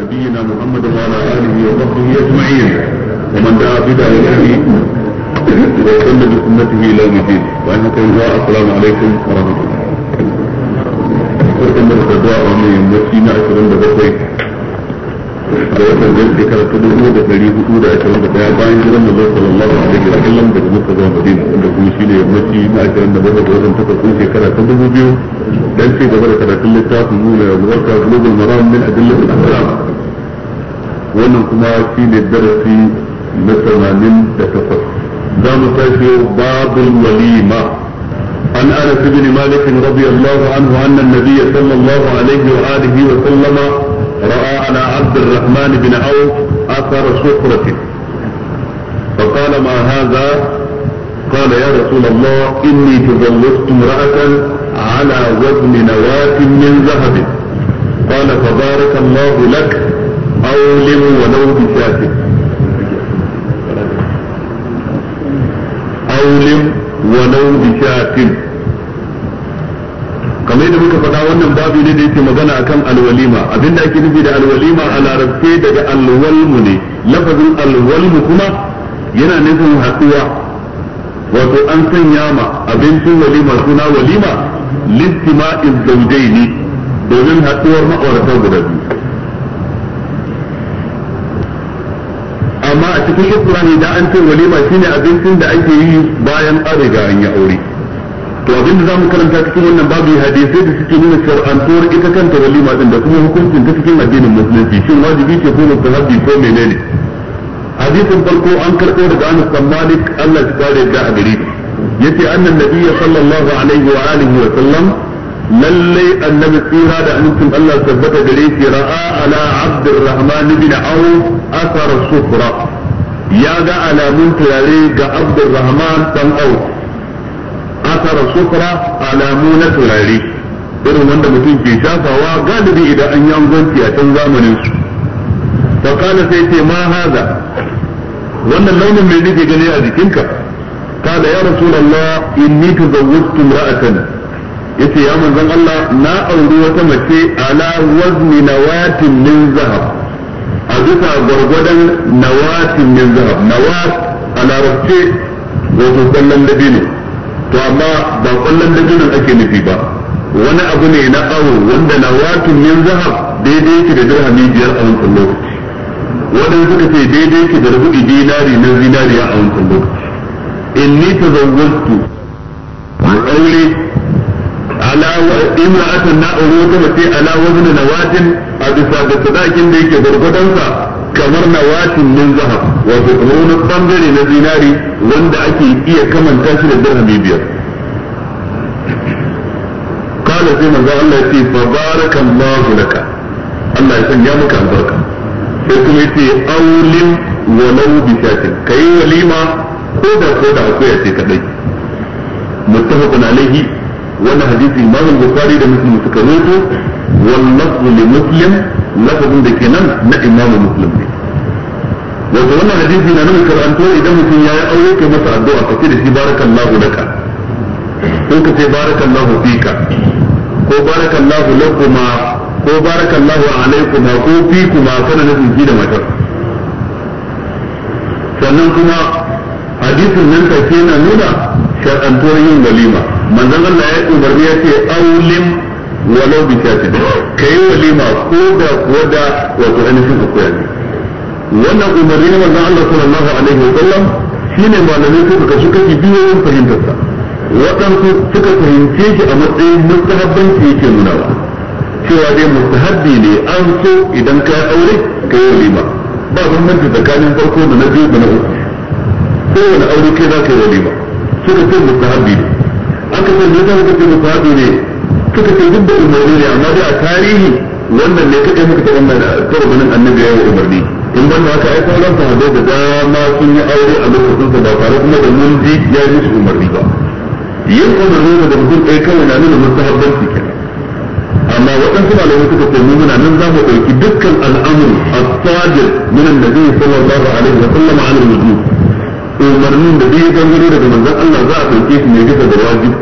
نبينا محمد وعلى اله وصحبه اجمعين ومن دعا بدعوته وسن بسنته الى يوم الدين وان السلام عليكم ورحمه الله. barkan da da a wannan yammaci na 27 da watan zai shekara ta dubu da ɗari hudu da ashirin da ɗaya bayan jiran da zai sallallahu alaihi wa sallam daga Makka zuwa Madina wanda kuma shi ne yammaci na ashirin da bakwai da watan takwas ɗin shekara ta dubu biyu dan ce gaba da karatun littafin nuna ya muwarka global maram min adillatul ahkam wannan kuma shi ne darasi na tamanin da takwas za mu tashi yau babul walima عن انس بن مالك رضي الله عنه ان النبي صلى الله عليه واله وسلم رأى على عبد الرحمن بن عوف أثر سفرة فقال ما هذا قال يا رسول الله إني تزوجت امرأة على وزن نواة من ذهب قال فبارك الله لك أولم ولو بشاك أولم ولو بشاك kamar yadda muka faɗa wannan babu ne da yake magana akan alwalima abinda ake nufi da alwalima a larabce daga alwalmu ne lafazin alwalmu kuma yana nufin haɗuwa wato an san yama abincin walima suna walima listima'iz ne domin haɗuwar ma'aurata guda biyu amma a cikin islami da an ce walima shine abincin da ake yi bayan an riga an yi aure to abin da zamu karanta cikin wannan babu hadisi da suke nuna shar'antuwar ita kanta walima din da kuma hukuncin ta cikin addinin musulunci shin wajibi ce ko mustahabi ko menene hadisin farko an karɓo daga Anas bin Malik Allah ya kare da gari yace annan nabiyyi sallallahu alaihi wa alihi wa sallam lalle annabi tsira da amincin Allah tabbata gare shi ra'a ala Abdurrahman bin Auf asar sufra ya ga alamun turare ga Abdurrahman dan Auf asarar sufura alamu na turare irin wanda mutum ke shafawa galibi idan an yi angwanci a can zamanin su fakala sai ce ma haza wannan launin mai nake gani a jikinka kada ya rasulullah inni tuzawwajtu imra'atan yace ya manzon Allah na auri wata mace ala wazni nawatin min zahab a bisa gwargwadon nawatin min zahab nawat a larabce wato kallon dabino to amma ba kullun jinin ake nufi ba wani abu ne na awo wanda na watun min zahab daidai yake da dirhami biyar a wancan lokaci wadanda suka ce daidai yake da rubuɗi dinari na zinariya a wancan lokaci ta tazawwajtu A aure ala wa imra'atan na aure wata mace ala na watin a bisa ga sadakin da yake gwargwadonsa kamar na watin min zahab wato kamar wani bangare na zinari wanda ake iya kamanta shi da dirhami biyar kala sai manzo Allah ya ce barakallahu laka Allah ya sanya maka albarka sai kuma yace aulin walau bi shatin kai walima ko da ko da akwai ce kadai muttafaqun alaihi wannan hadisi Imam Bukhari da Muslim suka rawaito wal lafzu li Muslim lafzun da kenan na Imam Muslim ne wato wannan hadisi na nuna karanto idan mutum ya yi aure kai masa addu'a ka ce da shi barakallahu daka ko ka ce barakallahu fika ko barakallahu lakuma ko barakallahu alaikuma ko kuma kana nufin ki da matar sannan kuma hadisin nan ke na nuna shaɗantuwar yin walima manzan Allah ya umarni ya ce aulim walau bi shatin kai walima ko da kuwa da wato ainihin akwai wannan umarni ne manzon Allah sallallahu alaihi wa sallam shine malamai suka kashi kashi biyu wajen fahimtar sa waɗansu suka fahimce shi a matsayin mustahabbanci yake nuna ba cewa dai mustahabbi ne an so idan ka aure ka yi walima ba bambanci tsakanin farko da na biyu da na uku wani aure kai za ka yi walima suka ce mustahabbi ne aka ce ne za ka ce mustahabbi ne suka ce duk da umarni ne amma dai a tarihi wannan ne kaɗai muka taɓa mana taɓa ganin annabi ya yi umarni in ban haka ai kuma ran sahabbai da dama sun yi aure a lokacin sa ba tare kuma da mun ji ya yi musu umarni ba yin umarni da mutum ɗaya kawai na nuna mustahabbanci kenan amma waɗansu malamai suka ce mu muna nan za mu ɗauki dukkan al'amuri as-sajir min annabi sallallahu alaihi wa sallam an al-wujub umarnin da bai gangare daga manzon Allah za a ɗauke shi ne bisa da wajibi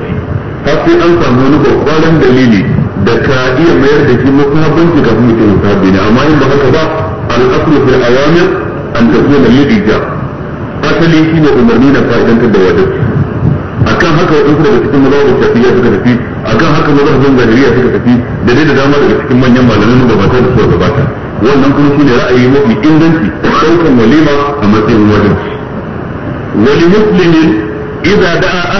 har sai an samu wani babban dalili da ka iya mayar da shi mustahabbanci ga mutum mustahabbi ne amma in ba haka ba al-aslu fil awamir an takuna lil ijab asali shine umarni na fa'idantar da wajibi akan haka wadansu daga cikin mazhabin shafi'iyya suka tafi akan haka mazhabin zahiriya suka tafi da dai da dama daga cikin manyan malaman gabata da suka gabata wannan kuma shine ra'ayi mafi inganci daukan walima a matsayin wajibi wali muslimin idza da'a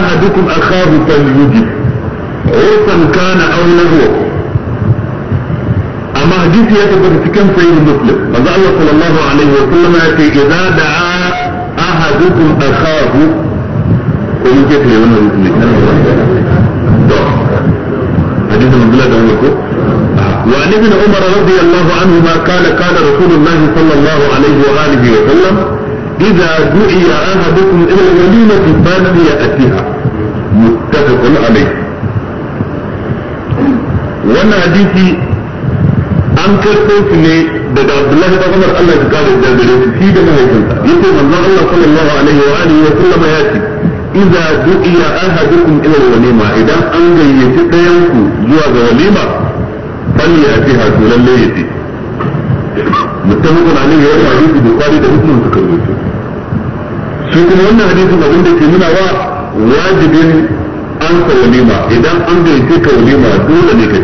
kana aw lahwa اما حديث يتبقى في كم سيد مسلم قد صلى الله عليه وسلم في اذا دعا احدكم اخاه كل كيف لي وانا حديث المنزلة وعن ابن عمر رضي الله عنهما قال قال رسول الله صلى الله عليه وآله وسلم إذا دعي أحدكم إلى الوليمة يأتيها متفق عليه وانا حديثي an karɓo su ne daga Abdullahi da Umar Allah ya kare da gare su shi da mahaifinsa yace manzon Allah sallallahu alaihi wa alihi wa sallama ya ce idza du'iya ahadukum ila walima idan an gayyaci ɗayan ku zuwa ga walima bal ya ce ha to lalle ya ce muttafaqun alaihi wa alihi bukhari da muslim suka rubuta su kuma wannan hadisi abin da ke nuna wa wajibin an ka walima idan an gayyace ka walima dole ne kai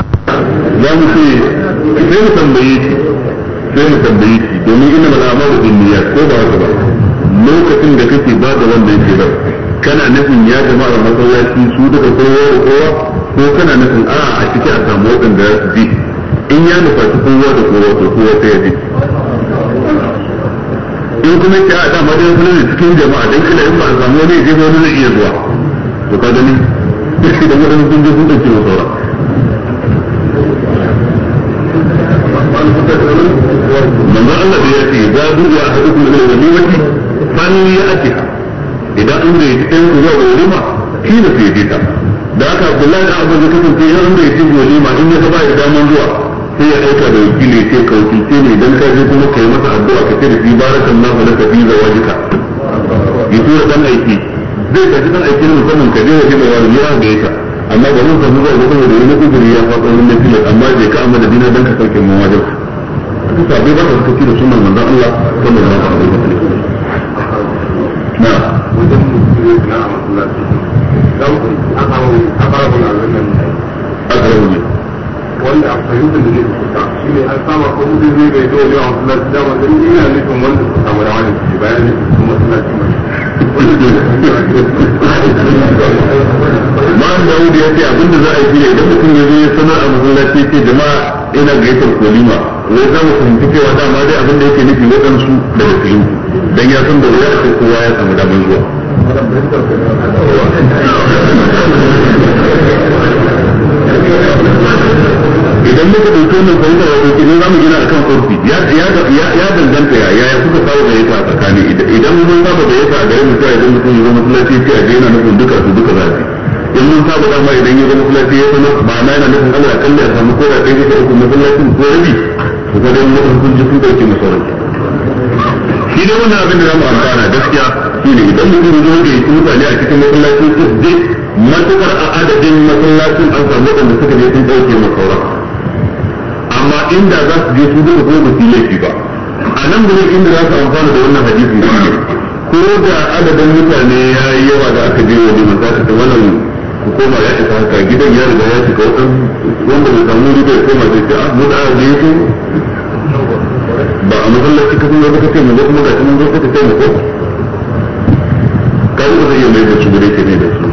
za mu ce sai mu tambaye shi sai mu tambaye shi domin ina mal amaru bin ko ba haka ba lokacin da kake ba da wanda yake ba kana nufin ya jama'a masallaci su daga kowa da kowa ko kana nufin a a ciki a samu waɗanda za su ji in ya nufaci kowa da kowa to kowa sai ya ji in kuma ke a dama da wani ne cikin jama'a don kila in ba a samu wani ya je wani zai iya zuwa to ka gani da waɗanda sun je sun ɗauke wa manzo Allah da ya ce za du ya wani ila walimati ya ya'tiha idan an da yake cikin zuwa ma shi da sai jita da haka Abdullahi da Abu Bakar sai ya an da yake walima in ya ba ya daman zuwa sai ya aika da wakili sai ka wakilce ne dan ka je kuma kai masa addu'a ka ce da shi barakallahu laka fi zawajika ya tura dan aiki zai ka ji dan aiki ne musamman ka je mai wani ya ga yaka amma ba mun samu zai ga saboda wani kuduri ya faɗo wani na amma je ka amma da dina don ka sauke mu wajen suka sabe ba da sunan manzon Allah na wajen na a a wannan a wanda a da ne shi ne an ko zai bai a da ba ina wanda samu da wani bayan ne Ma'an ya ce abinda za a yi idan mutum ya zo ya sanar a masallaci ce jama'a ina gaitar kolima wai za mu fahimci cewa dama dai abin da yake nufi su da cikin dan ya san da wuya ko kowa ya samu damar zuwa idan muka ɗauki wannan fahimtar wato idan za mu gina a kan kurfi ya danganta ya yaya kuka kawo gayyata a tsakani idan mun saba gayyata a garin mutum idan mutum ya zama masallaci sai a je yana nufin duka su duka za su in mun saba dama idan ya zama masallaci ya sanar ba na yana nufin Allah kalli a samu ko da ɗaya ko uku masallacin ko rabi ku ga dai mun kun ji kun dauke mu sauran shi ne wannan abin da zamu amfana gaskiya shine idan mun zo da yake mutane a cikin masallacin su dai matukar a adadin masallacin an samu wanda suka je sun dauke mu sauran amma inda za su je su duka ko ba su laifi ba a nan gurin inda za su amfana da wannan hadisi ko da adadin mutane ya yi yawa da aka je waje masallacin wannan koma ya isa haka gidan ya riga ya cika wanda bai samu wuri bai koma zai ce ah mu da ne yake ba a masallaci ka kuma ka ce mun zo kuma ga kuma zo ka ce mu ko kai ba zai iya mai da su gure ke ne da su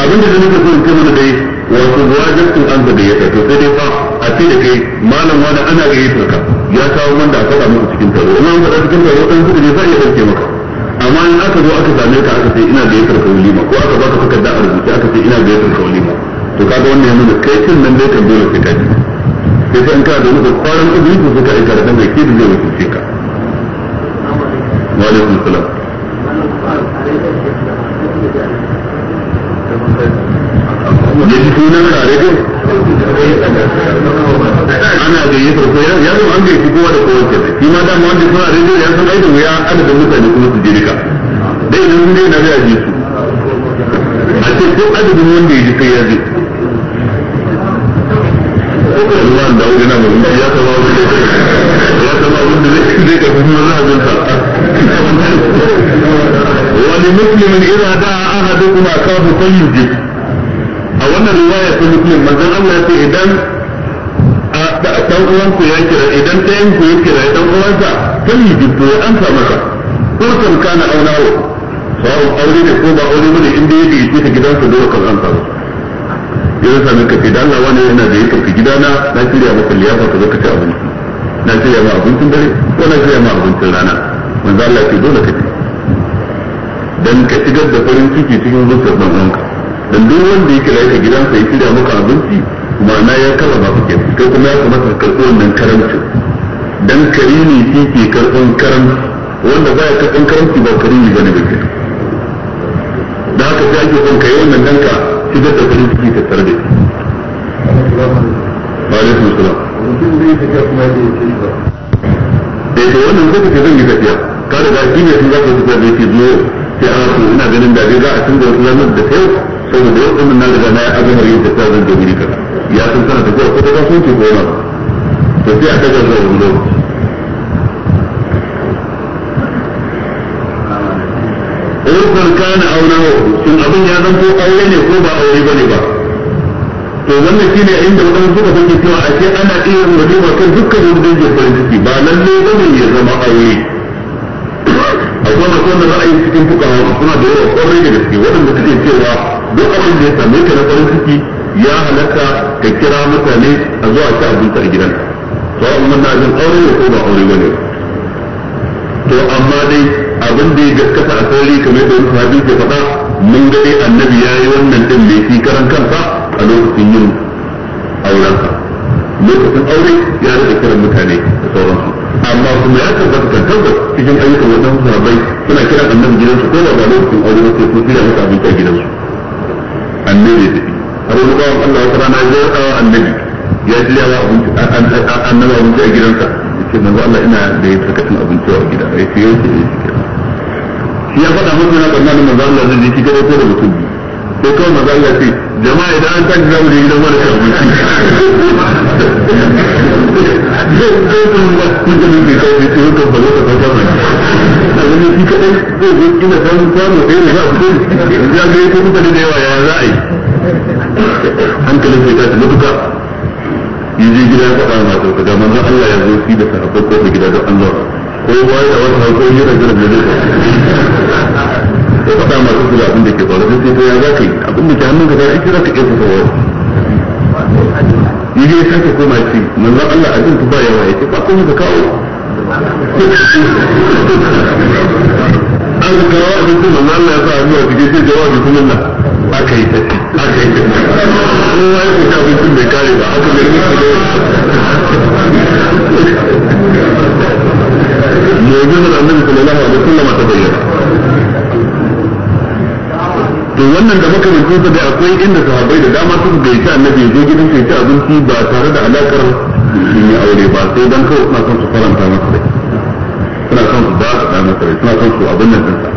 abin da nake so in ce mana dai wato wajibin an da ya to sai dai fa a ce da kai malam wani ana gayyatar ka ya kawo man da aka faɗa muku cikin taro in an faɗa cikin taro dan su ne za a iya ɗauke maka amma in aka zo aka same ka aka ce ina da yakar ka walima ko aka baka takarda a rubuce aka ce ina da yakar ka walima to kaga wannan yana da kai kin nan dai kan dole sai ka ji sai sai in ka da muku kwaran kudi ko sai ka aika da kanka ke da zai wuce ka wa alaikum salam ya ji sunan ka ana gayyatar ko ya zama an gayyaci kowa da kowa kenan shi ma dama wanda suna rediyo ya san aikin wuya adadin mutane kuma su je dai idan sun daina zai aje su a ce ko adadin wanda ya ji sai ya je Allah da wuri na mai ya saba wanda ya saba wanda zai kafin mazhabin sa wani muslimin ira da ahadukum akahu fayyujib a wannan ya ta muslim manzon Allah ya ce idan dan uwan ku ya kira idan ɗayan ku ya kira dan ta kan yi dubbo ya amsa masa ko san kana aunawo sawun aure ne ko ba aure bane inda ya bi ta gidansa dole kan amsa masa yanzu sami ka ce da Allah wani yana da ya tafi gidana na shirya maka liyafa ka zo ka ci abinci na shirya ma abincin dare ko na shirya ma abincin rana manzo Allah ce dole ka ci dan ka shigar da farin ciki cikin zuciyar dan uwanka dan duk wanda ya kira ka gidansa ya shirya maka abinci ma'ana ya kala ba kake kai kuma ya kamata ka karɓi wannan karamci dan karimi shi ke karɓan karamci wanda baya karɓan karamci ba karimi bane ba kenan da haka sai ake son kai wannan danka shigar da farin ciki ta tare da shi wa alaikum salam da eh, to wannan zaka ce zan yi tafiya ka da shi ne sun zaka tafiya da yake zuwa sai a so ina ganin da dai za a canza wasu ranar da sai saboda yau ɗin na riga na yi azumar yin tafiya zan da wuri kaza ya san tana da kowa ta kasuwanci ko yana to sai a kajar zuwa wani lokaci rukar kana auna shin abin ya zanto aure ne ko ba aure ba ne ba to shi ne inda wannan suka san cewa ashe ana iya rubuta kan dukkan wani farin ciki ba lalle ne ya zama aure akwai masu wanda ra'ayi cikin fukawa suna da yawa kwarai da gaske waɗanda suke cewa duk abin da ya same ka na farin ciki ya halatta ka kira mutane a zuwa ci abinci a gidan To amma na jin aure ko ba aure bane to amma dai abin da ya gaskata a sauri kamar da wani sahabi ke faɗa mun ga dai annabi ya yi wannan din ne shi karan kansa a lokacin yin aurensa lokacin aure ya da kiran mutane da sauransu amma kuma ya tabbata kan tabbas cikin ayyukan wannan sahabbai suna kiran annabi gidansu ko ba lokacin aure ba sai sun shirya masa abinci a gidansu annabi ya tafi wani bawan Allah wata rana ya tsawa annabi ya shirya wa annabi abinci a gidansa ya ce manzo Allah ina da ya karkashin abinci a gida ya ce yau ce shi ya faɗa mun yana tsammanin manzo Allah zai ji gaba ko da mutum sai kawai manzo Allah ce jama'a idan an tashi zamu je gidan wani abinci zai zai kun ba kun da mun kai ne to ko ba zai ka ba da wani shi kadai zai zo ina samu samu eh za ku ya ga ko mutane da yawa ya za yi hankalin sai tashi matuka yaje gida ya faɗa ma to kaga manzon Allah ya zo shi da sahabbai ko da gida Allah ko wai da wata ko yi da gida da ko faɗa ma su da abin da ke faru sai to ya za yi abin da ke hannunka da ake za yi iya fitowa yaje ya sake koma shi manzon Allah abin ba yawa yake ba ko ka kawo aka jawabi kuma na Allah ya sa abuwa cikin sai jawabi kuma na aka yi ta aka yi ta kowa ya fita abincin bai kare ba haka bai rufe da mu'jizar annabi allah ya wasallam ta bayyana to wannan da muka rubuta da akwai inda sahabbai da dama suka gaishe annabi ya zo gidan sai ta abinci ba tare da alakar ya aure ba sai dan kawai suna son su faranta masa rai suna son su ba su da masa rai suna son su abin nan dinsa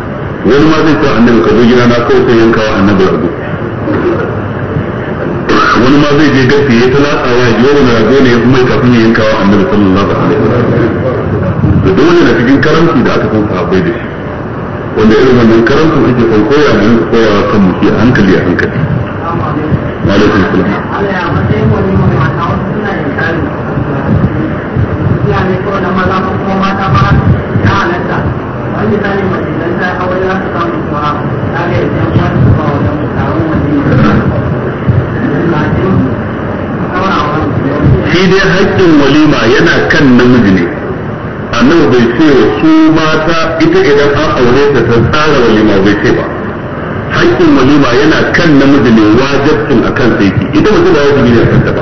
wani ma zai ce annabi ka zo gida na kawo sai yankawa annabi rago wani ma zai je gaske ya talatsawa ya ji wani rago ne kuma kafin ya yankawa annabi sallallahu alaihi wasallam da dole na cikin karanci da aka san sahabbai da shi wanda irin wannan karanci ake son koya mu koyawa kan mu a hankali a hankali alaikum salam shi dai haƙƙin walima yana kan namiji ne annabi bai ce wa su mata ita idan an aure ta ta tsara walima bai ce ba haƙƙin walima yana kan namiji ne wajabtun a kan sai ita mace ba wajibi ne a kanta ba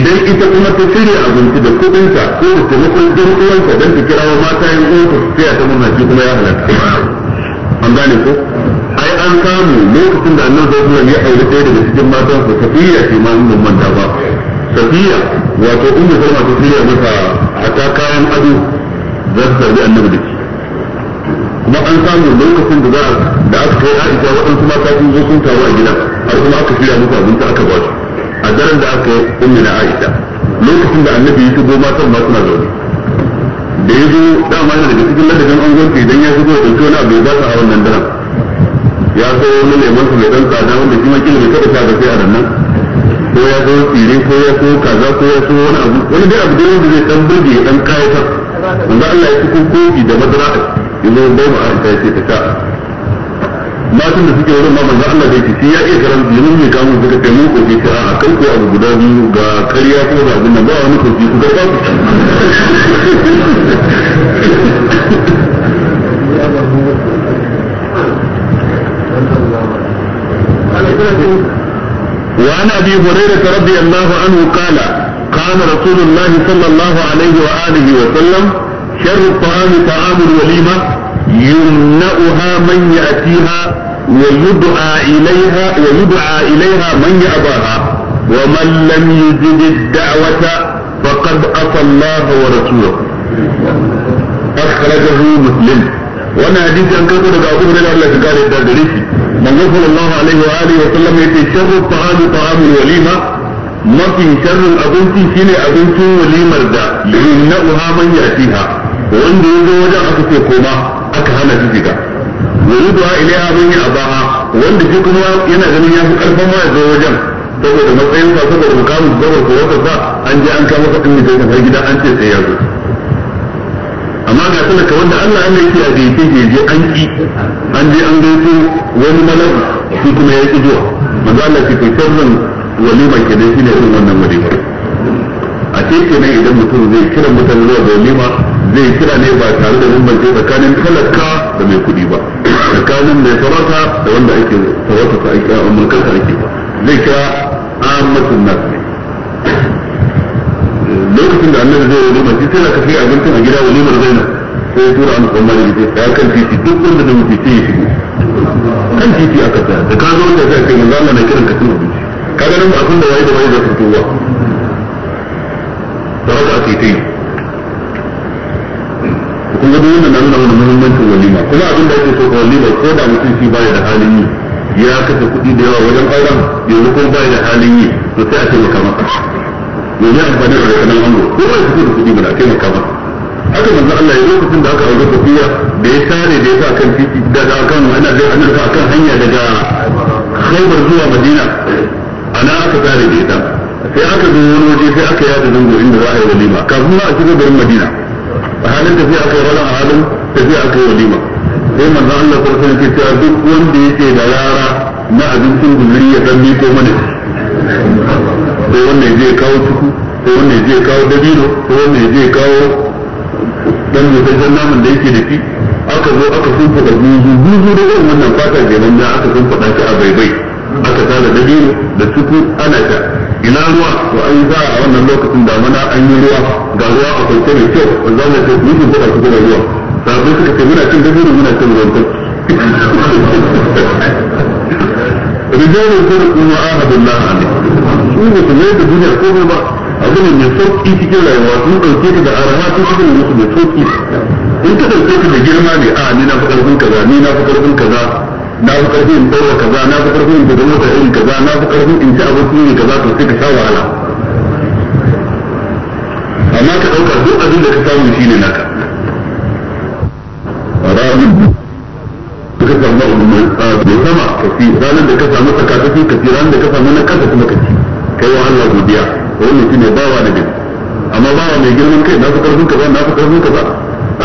idan ita kuma ta shirya abinci da kudinta ko da taimakon ɗan uwanta don ta kirawo mata yin uwanka su tsaya ta murna shi kuma ya halatta an gane ko ai an samu lokacin da annabi sallallahu alaihi ya aure ɗaya daga cikin matan sa tafiya ce ma mun manta ba safiya wato ummu salma ta shirya a ta kayan ado za su sarbi annabi da ke. kuma an samu lokacin da za da aka kai ita waɗansu mata sun zo sun taru a gida har kuma aka shirya musu abinci aka ba su daren da aka yi ummi na Aisha lokacin da annabi ya shigo matan ba suna zaune da ya zo dama yana daga cikin ladabin angonci idan ya shigo da wani abu ya ba su a wannan daren ya zo wani neman su mai dan tsada wanda shi ma kila bai taɓa sha ba sai a nan ko ya zo tsire ko ya so kaza ko ya so wani abu wani dai abu da wanda zai dan burge ya dan kayatar wanda Allah ya fi kofi da madara ya zo bai ma Aisha ya ce ta sha matan da suke wurin ma Allah da yake shi ya iya karam yanzu ne kamun suka ce mu ko ce a kan ko abu guda biyu ga karya ko da abin da ba wani kofi ku ga ba ku وعن ابي هريره رضي الله عنه قال قال رسول الله صلى الله عليه واله وسلم شر الطعام طعام الوليمه يمنعها من يأتيها ويدعى إليها ويدعى إليها من يأباها ومن لم يجب الدعوة فقد أتى الله ورسوله أخرجه مسلم وانا حديث أن كنت لك أقول لله الله قال الدادريسي من صلى الله عليه وآله وسلم يتي شر الطعام طعام الوليمة mafi sharrin abinci shine abincin walimar da yumna'uha man yatiha wanda yazo wajen aka ce koma aka hana shi shiga wa yudwa yi a baha. wanda shi kuma yana ganin ya fi karfin ma ya zo wajen saboda matsayin sa saboda mukamin saboda ko wata sa an je an kama fadin mutum har gida an ce sai ya zo amma ga ka wanda Allah Allah yake a gaice ke an ki an je an gaito wani malam shi kuma ya ki zuwa manzo Allah ke kai sirrin walima shi ne irin wannan ba. a ce kenan idan mutum zai kira mutane zuwa walima zai kira ne ba tare da bambance tsakanin talaka da mai kuɗi ba tsakanin mai sarauta da wanda ake sarauta ta ta ake ba zai kira nas ne lokacin da annabi zai wani mace sai ka kai abincin a gida walimar zainab sai ya tura amsa amma da ya kan titi duk wanda da mutum sai ya shigo kan titi aka tsaya da ka zo zai kai manzo Allah na kiran ka tun abinci ka ganin ba abin da waye da waye da fito ba da ake ta yi kun ga duk wannan na nuna mana muhimmancin walima kuma abin da ake so ga walima ko da mutum shi baya da halin yi ya kashe kuɗi da yawa wajen auren yanzu ko baya da halin yi to sai a taimaka masa yanzu amfani da rakanan ango ko ba ya fito da kuɗi ba da taimaka masa haka manzo Allah ya lokacin da aka aure Safiya da ya tare da ya yasa kan titi daga akan ana da ana da kan hanya daga Khaybar zuwa Madina ana aka tare da ita sai aka zo wani waje sai aka yada zango inda za a yi walima kafin ma a shiga garin Madina a halin tafiya aka yi wani a halin tafiya aka yi walima sai manzo Allah sarki ne ke duk wanda yake da rara na abincin gumiri ya san ko mana sai wanda ya je kawo tuku sai wanda ya je kawo dabino sai wanda ya je kawo dan musasshen naman da yake da shi aka zo aka da guzu guzu da wannan fata kenan nan aka sunfuka shi a baibai aka tara dabino da tuku ana ta ina ruwa to an yi za'a wannan lokacin da mana an yi ruwa ga ruwa a kwanke mai kyau a zama mu ce mu ku gura ku gura ruwa sabbin suka ce muna cin dabiru muna cin ruwan kan rijalu sarqu wa ahadullah ne su ne su mai da duniya ko ba abu ne mai sauki cikin rayuwa sun ɗauke ka da arha sun shi cikin musu mai sauki in ka ɗauke ka da girma ne a ni na fi ƙarfin kaza ni na fi ƙarfin kaza na fi karfi in tsawo kaza na fi karfi in tafi mota iri kaza na fi karfi in ci abinci iri kaza to sai ka sha wahala amma ka ɗauka duk abin da ka samu shi ne naka ramin da ka samu abu mai sama ka fi ranar da ka samu tsaka ka fi ka fi ranar da ka samu na kasa kuma ka ci kai wa Allah godiya wannan shine bawa na gari amma bawa mai girman kai na fi karfin kaza na fi karfin kaza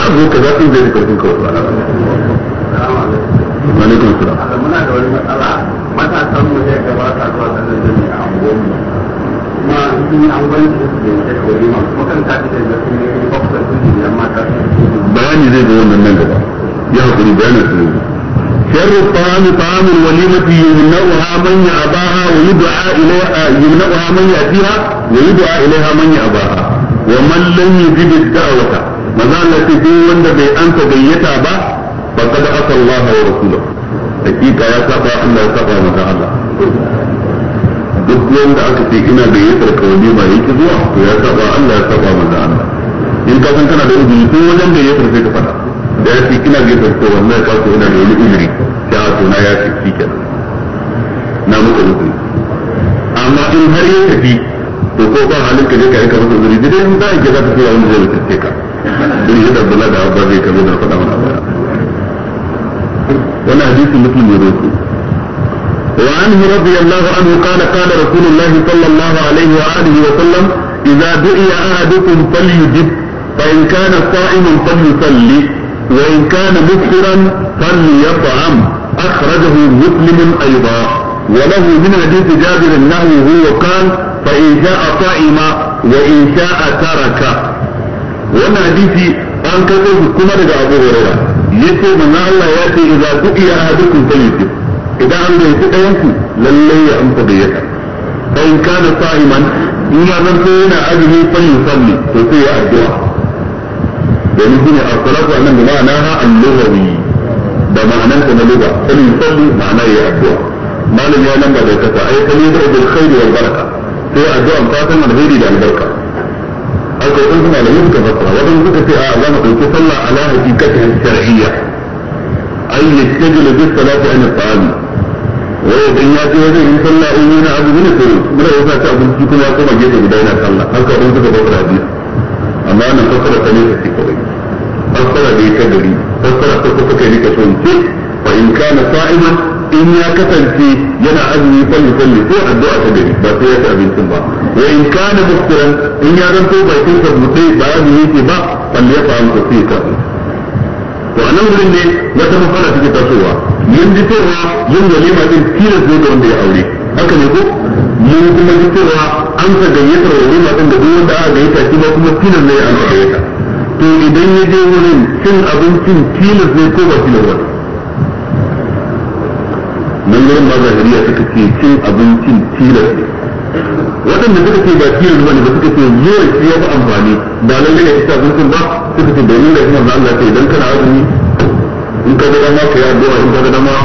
abu kaza din zai fi karfin kaza alaikum salam muna da wani matsala matasan mu sai ga ba sa zuwa sanin da ne a unguwar mu kuma sun yi su da ya kai wani masu makaranta ta da ya ne ba kusa sun yi amma ta bayani zai ga wannan nan gaba ya hakuri bayanin su ne شر الطعام طعام الوليمة يمنعها من يأباها ويدعى إليها يمنعها من يأتيها ويدعى إليها من يأباها ومن لم يجد الدعوة مازال تجي وند بي أنت بيتها faqad asa Allah wa rasulahu hakika ya saba Allah ya saba maka Allah duk wanda aka ce ina da yatar kawani ba yake zuwa to ya saba Allah ya saba maka Allah in ka san kana da uzuri ko wajen da yatar sai ka fada da ya ce ina da yatar to wallahi ka ko ina da wani uzuri sai to na ya ce shi na muka uzuri amma in har ya tafi to ko ba halin ka je ka aika masa uzuri dai in za a ke za ka fiya wani zai ka. Dun yadda Abdullahi da Abba zai kazo da faɗa mana وانا حديث مسلم يروي وعنه رضي الله عنه قال قال رسول الله صلى الله عليه واله وسلم اذا دعي احدكم فليجب فان كان صائما فليصلي وان كان مفطرا فليطعم اخرجه مسلم ايضا وله من حديث جابر انه هو قال فان شاء صائما وان شاء ترك wannan حديث an kai kuma أبو هريرة n'i ko manzo Allah ya ce idza qudiya ahadukum falyuti idan an bai ci dayan ku lalle ya amsa da yaka fa in kana sa'iman in ya zan to yana azumi falyusalli to sai ya addu'a domin shine as-salatu anan bi ma'anaha al-lughawi da ma'anan ta na lugha falyusalli ma'ana ya addu'a malam ya nan ba da kasa ai falyudu bil khairi wal baraka sai addu'a fatan alheri da albarka haka sun suna da yin tafakura wajen suka ce a za mu ɗauki sallah ala hakikatin shar'iyya ai ya shagala duk salatu an tsami wai idan ya ce wajen yin sallah in yana abu ne to mura yasa ta abinci kuma ya koma gefe guda yana sallah haka abin suka bakura biyu amma wannan fassara ta ne ta ce kawai fassara da ita gari fassara ta kuka kai ka so in ce fa in kana sa'iman in ya kasance yana azumi falli falli ko addu'a ta gari ba sai ya ci abincin ba wa in kana muskiran in ya zanto bakin kinsa bude ba yi yake ba falli ya fa'al ko sai ka to a nan ne wata mafana take tasowa yin ji yin walima din tilas ne da wanda ya aure haka ne ko mu kuma ji cewa an sa gayyatar walima din da duk wanda aka gayyata shi ba kuma tilas ne an gayyata to idan ya je wurin cin abincin tilas ne ko ba tilas ba nan gurin ma zahiriya suka ce cin abincin tilas waɗanda suka ce ba tilas ba ne ba suka ce yawan shi ya fi amfani ba lalle ya ci abincin ba suka ce domin da kuma Allah ce idan kana azumi in ka ga dama ka yi addu'a in ka ga dama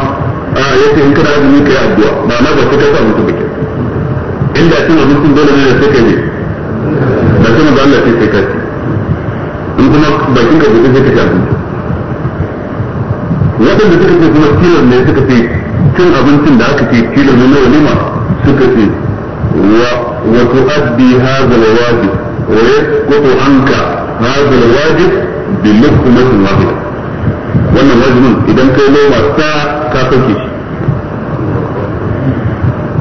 a ce in kana azumi ka yi addu'a ba na ba ka sa mutum ba inda cin abincin dole ne da sai kai da kuma da Allah sai kai kai in kuma bakin ka bude sai ka ci abinci waɗanda suka ce kuma tilas ne suka ce cikin abincin da aka ce kilo na nawa lima suka ce wa wa tuaddi hadha alwajib wa yasqutu anka hadha alwajib bi lukmati wahida wannan wajibin idan kai loma ta ka sauke shi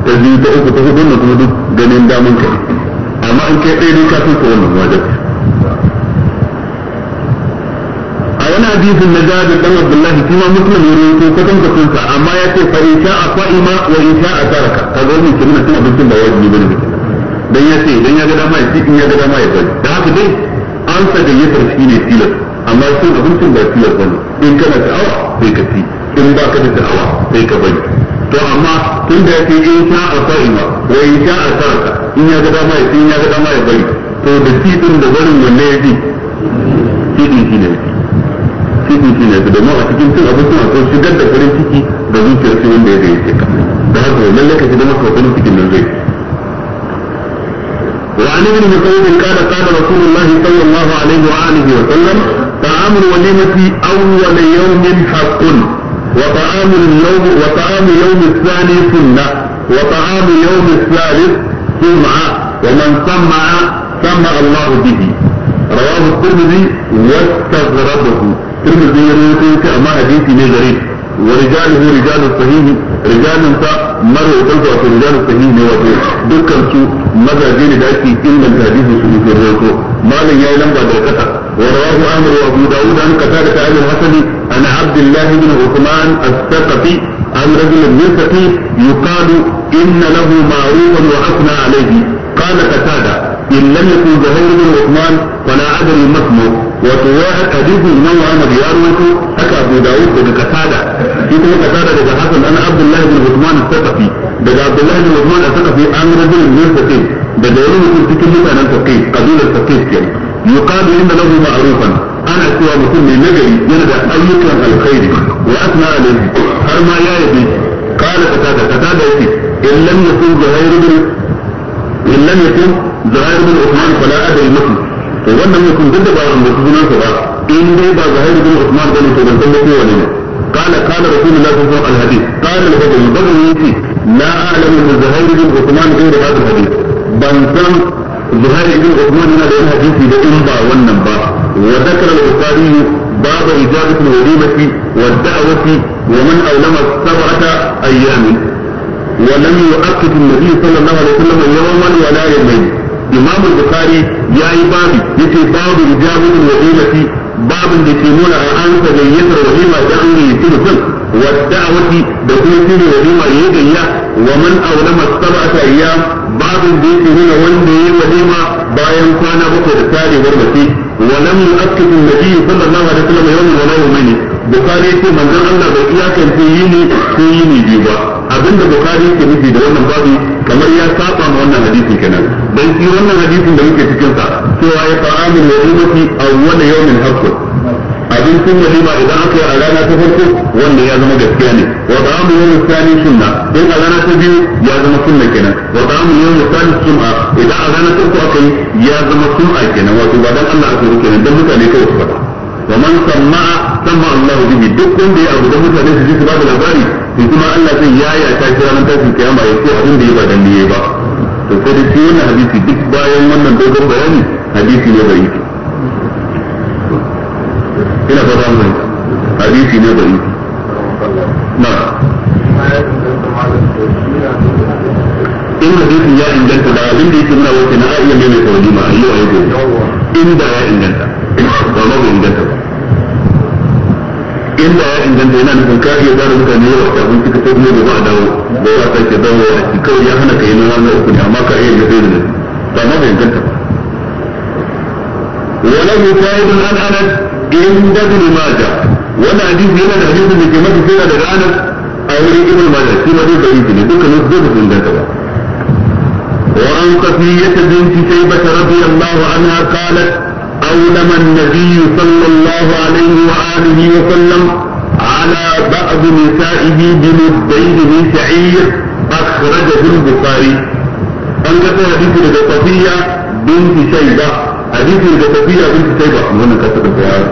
ta biyu ta uku ta hudu na kuma duk ganin damun ka amma in kai ɗaya ne ka sauke wannan wajibin wani hadisin na jabir dan abdullah shi ma muslim ya rawaito kwatan kwatan sa amma ya ce a qa'ima wa isha a taraka kaga wannan kin mutum abincin ba wajibi bane dan ya ce ya ga dama ya ya ga dama ya bari da haka an sa da yasar shi ne amma sun abincin ba tilas bane in kana sha'awa sai ka ci in ba ka da sha'awa sai ka bari to amma tun da ya ce in sha a qa'ima wa isha a taraka in ya ga dama ya ci in ya ga dama ya bari to da ci din da barin wanne ya ji ci din shi ne cikin shi ne su domin a cikin cin abincin shigar da farin ciki da zuciyar shi wanda ya zai da haka maka cikin nan zai وعن ابن مسعود قال قال رسول الله صلى الله عليه واله وسلم طعام الوليمة أول يوم حق وطعام اليوم وطعام يوم الثاني سنة وطعام يوم الثالث سمعة ومن سمع سمع الله به رواه الترمذي واستغربه ترمذي يروي في أما حديثي نزري ورجاله رجال الصحيح رجال مر وقلت وفي رجال الصحيح نواتي دكان سو ماذا جيني داكي إلا الحديث سنوك الروكو ما لن يعلم بعد القطع ورواه أمر وأبو داود عن قتادة أهل الحسن عن عبد الله بن عثمان الثقفي عن رجل الثقفي يقال إن له معروفا وأثنى عليه قال قتادة إن لم يكن زهير بن عثمان فلا أدري ما wato ya hadisin imam Ahmad ya rawaito haka Abu Dawud daga Qatada shi kuma Qatada daga Hasan an Abdullah ibn Uthman al-Thaqafi daga Abdullah ibn Uthman al-Thaqafi an rajul min Thaqif daga wani mutum cikin mutanen Thaqif kabilar Thaqif ke yuqalu inna lahu ma'rufan ana cewa mutum ne nagari yana da ayyukan alkhairi wa asna alayhi har ma ya yabi qala Qatada Qatada yace in lam yakun Zuhair ibn in lam yakun Zuhair ibn Uthman fala adri mithlu to wannan mutum duk da bawan da kuma su ba in dai ba ga hayyar gudun Usman bane to dan ko wani ne kana kana Rasulullahi sallallahu alaihi wasallam kana al-hadith bagan yake la a'lamu bi zahir bin Usman bin da hadith ban san zahir bin Usman yana da hadisi da in ba wannan ba wa dakara al-Bukhari باب إجابة الوليمة والدعوة ومن أولم سبعة أيام ولم يؤكد النبي صلى الله عليه وسلم يوما ولا imam bukhari ya yi babu yace babu rijabul wa'ilati babin da ke nuna an an gayyatar walima da an da mutum wa da'awati da kuma shine walima ya gayya wa man awlama sab'ata iya babin da ke nuna wanda ya walima bayan kwana bakwai da tare mace wa lam yu'akkidu an sallallahu alaihi wasallam yawman wa la bukhari ce manzon Allah bai iyakance yini ko yini biyu ba abinda bukhari ke nufi da wannan babu kamar ya saba ma wannan hadisin kenan dan shi wannan hadisin da muke cikin sa cewa ya fa'amul wa ummati awwala yawmin haqqun abincin walima idan aka yi a rana ta farko wanda ya zama gaskiya ne wa ta'amu yawm tsani sunna in a rana ta biyu ya zama sunna kenan wa amu yawm tsani sunna idan a rana ta uku aka yi ya zama sunna kenan wato ba dan Allah aka yi kenan dan mutane kawai su faɗa wa man sama'a sama Allah bihi duk wanda ya abu da mutane su ji su ba da labari to kuma Allah zai yaya ta kira nan tashin kiyama ya ce abin da ya ba dan ne ba to sai da shi wannan hadisi duk bayan wannan dogon bayani hadisi ne bai yi ina fata mun hadisi ne bai yi na in hadisin ya inganta da abin da yake nuna wata na iya mai mai tawali ma yau a yau inda ya inganta ba ma bai inganta inda ya inganta yana nufin ka iya zara mutane yau a kafin kika ko kuma gobe a dawo da ya sake dawo a ciki kawai ya hana ka yi nawa na uku ne amma ka iya gafe da ba ma bai inganta وله شاهد عن انس عند ابن ماجه وانا حديث هنا الحديث اللي كما في هنا لدى انس او ابن ماجه كما دي ضعيف ne duka ne duk sun danta ba وعن قتيبة بنت شيبة رضي الله عنها قالت أولم النبي صلى الله عليه وآله وسلم على بعض نسائه بمدين بن سعير أخرجه البخاري أنجت حديث لصفية بنت شيبة حديث لصفية بنت شيبة من كتب البخاري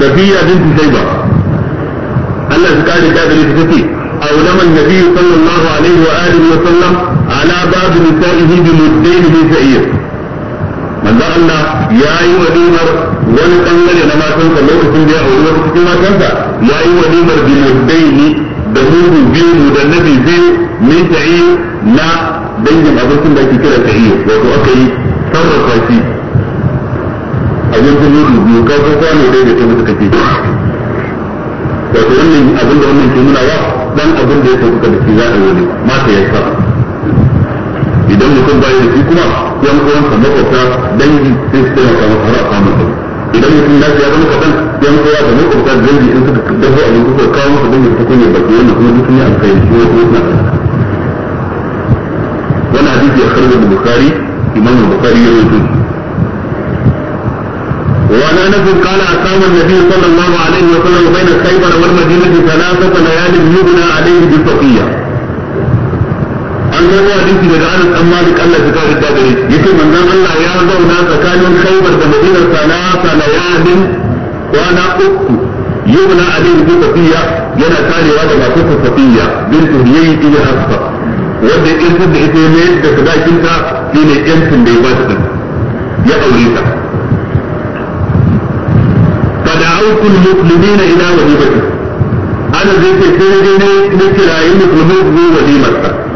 صفية بنت شيبة الله تعالى قال لك أولم النبي صلى الله عليه وآله وسلم على بعض نسائه بمدين بن سعير manzo Allah ya yi walimar wani bangare na matansa lokacin da ya auri wata cikin matansa ya yi walimar bimudaini da hudu biyu mu da nabi biyu min ta'i na dangin abincin da ake kira ta'i wato aka yi sarrafa shi abincin mudu biyu ka ko kwano dai da ta mutu kake wato wannan abin da wannan ke nuna wa dan abin da ya sauka da shi za a yi wani mata ya sa idan mutum bai da shi kuma yan uwansa makwabta dangi sai su taimaka masa har a samu sauki idan mutum na ya zama kaɗan yan uwa da makwabta dangi in suka dafa abin suka kawo masa dangi ta kunya baki wannan kuma duk sun yi alkhairi kuma kuma suna wani hadisi ya karbi da bukari imam bukari ya rubuta وعن انس قال اقام النبي صلى الله عليه وسلم بين خيبر والمدينه ثلاثه ليال يبنى عليه بصفيه an zama hadisi daga Anas an Malik Allah ya kare da gare yace manzon Allah ya zauna tsakanin Khaybar da Madina salasa min kwana uku na alayhi bi tafiya yana karewa da masu safiya bintu yi ibn Hafsa wanda ya kirkir da ita ne da sadakinta shine yancin da ya ba ta ya aure ta فدعوت المسلمين إلى وليمته أنا زي كده كده كده كده كده كده كده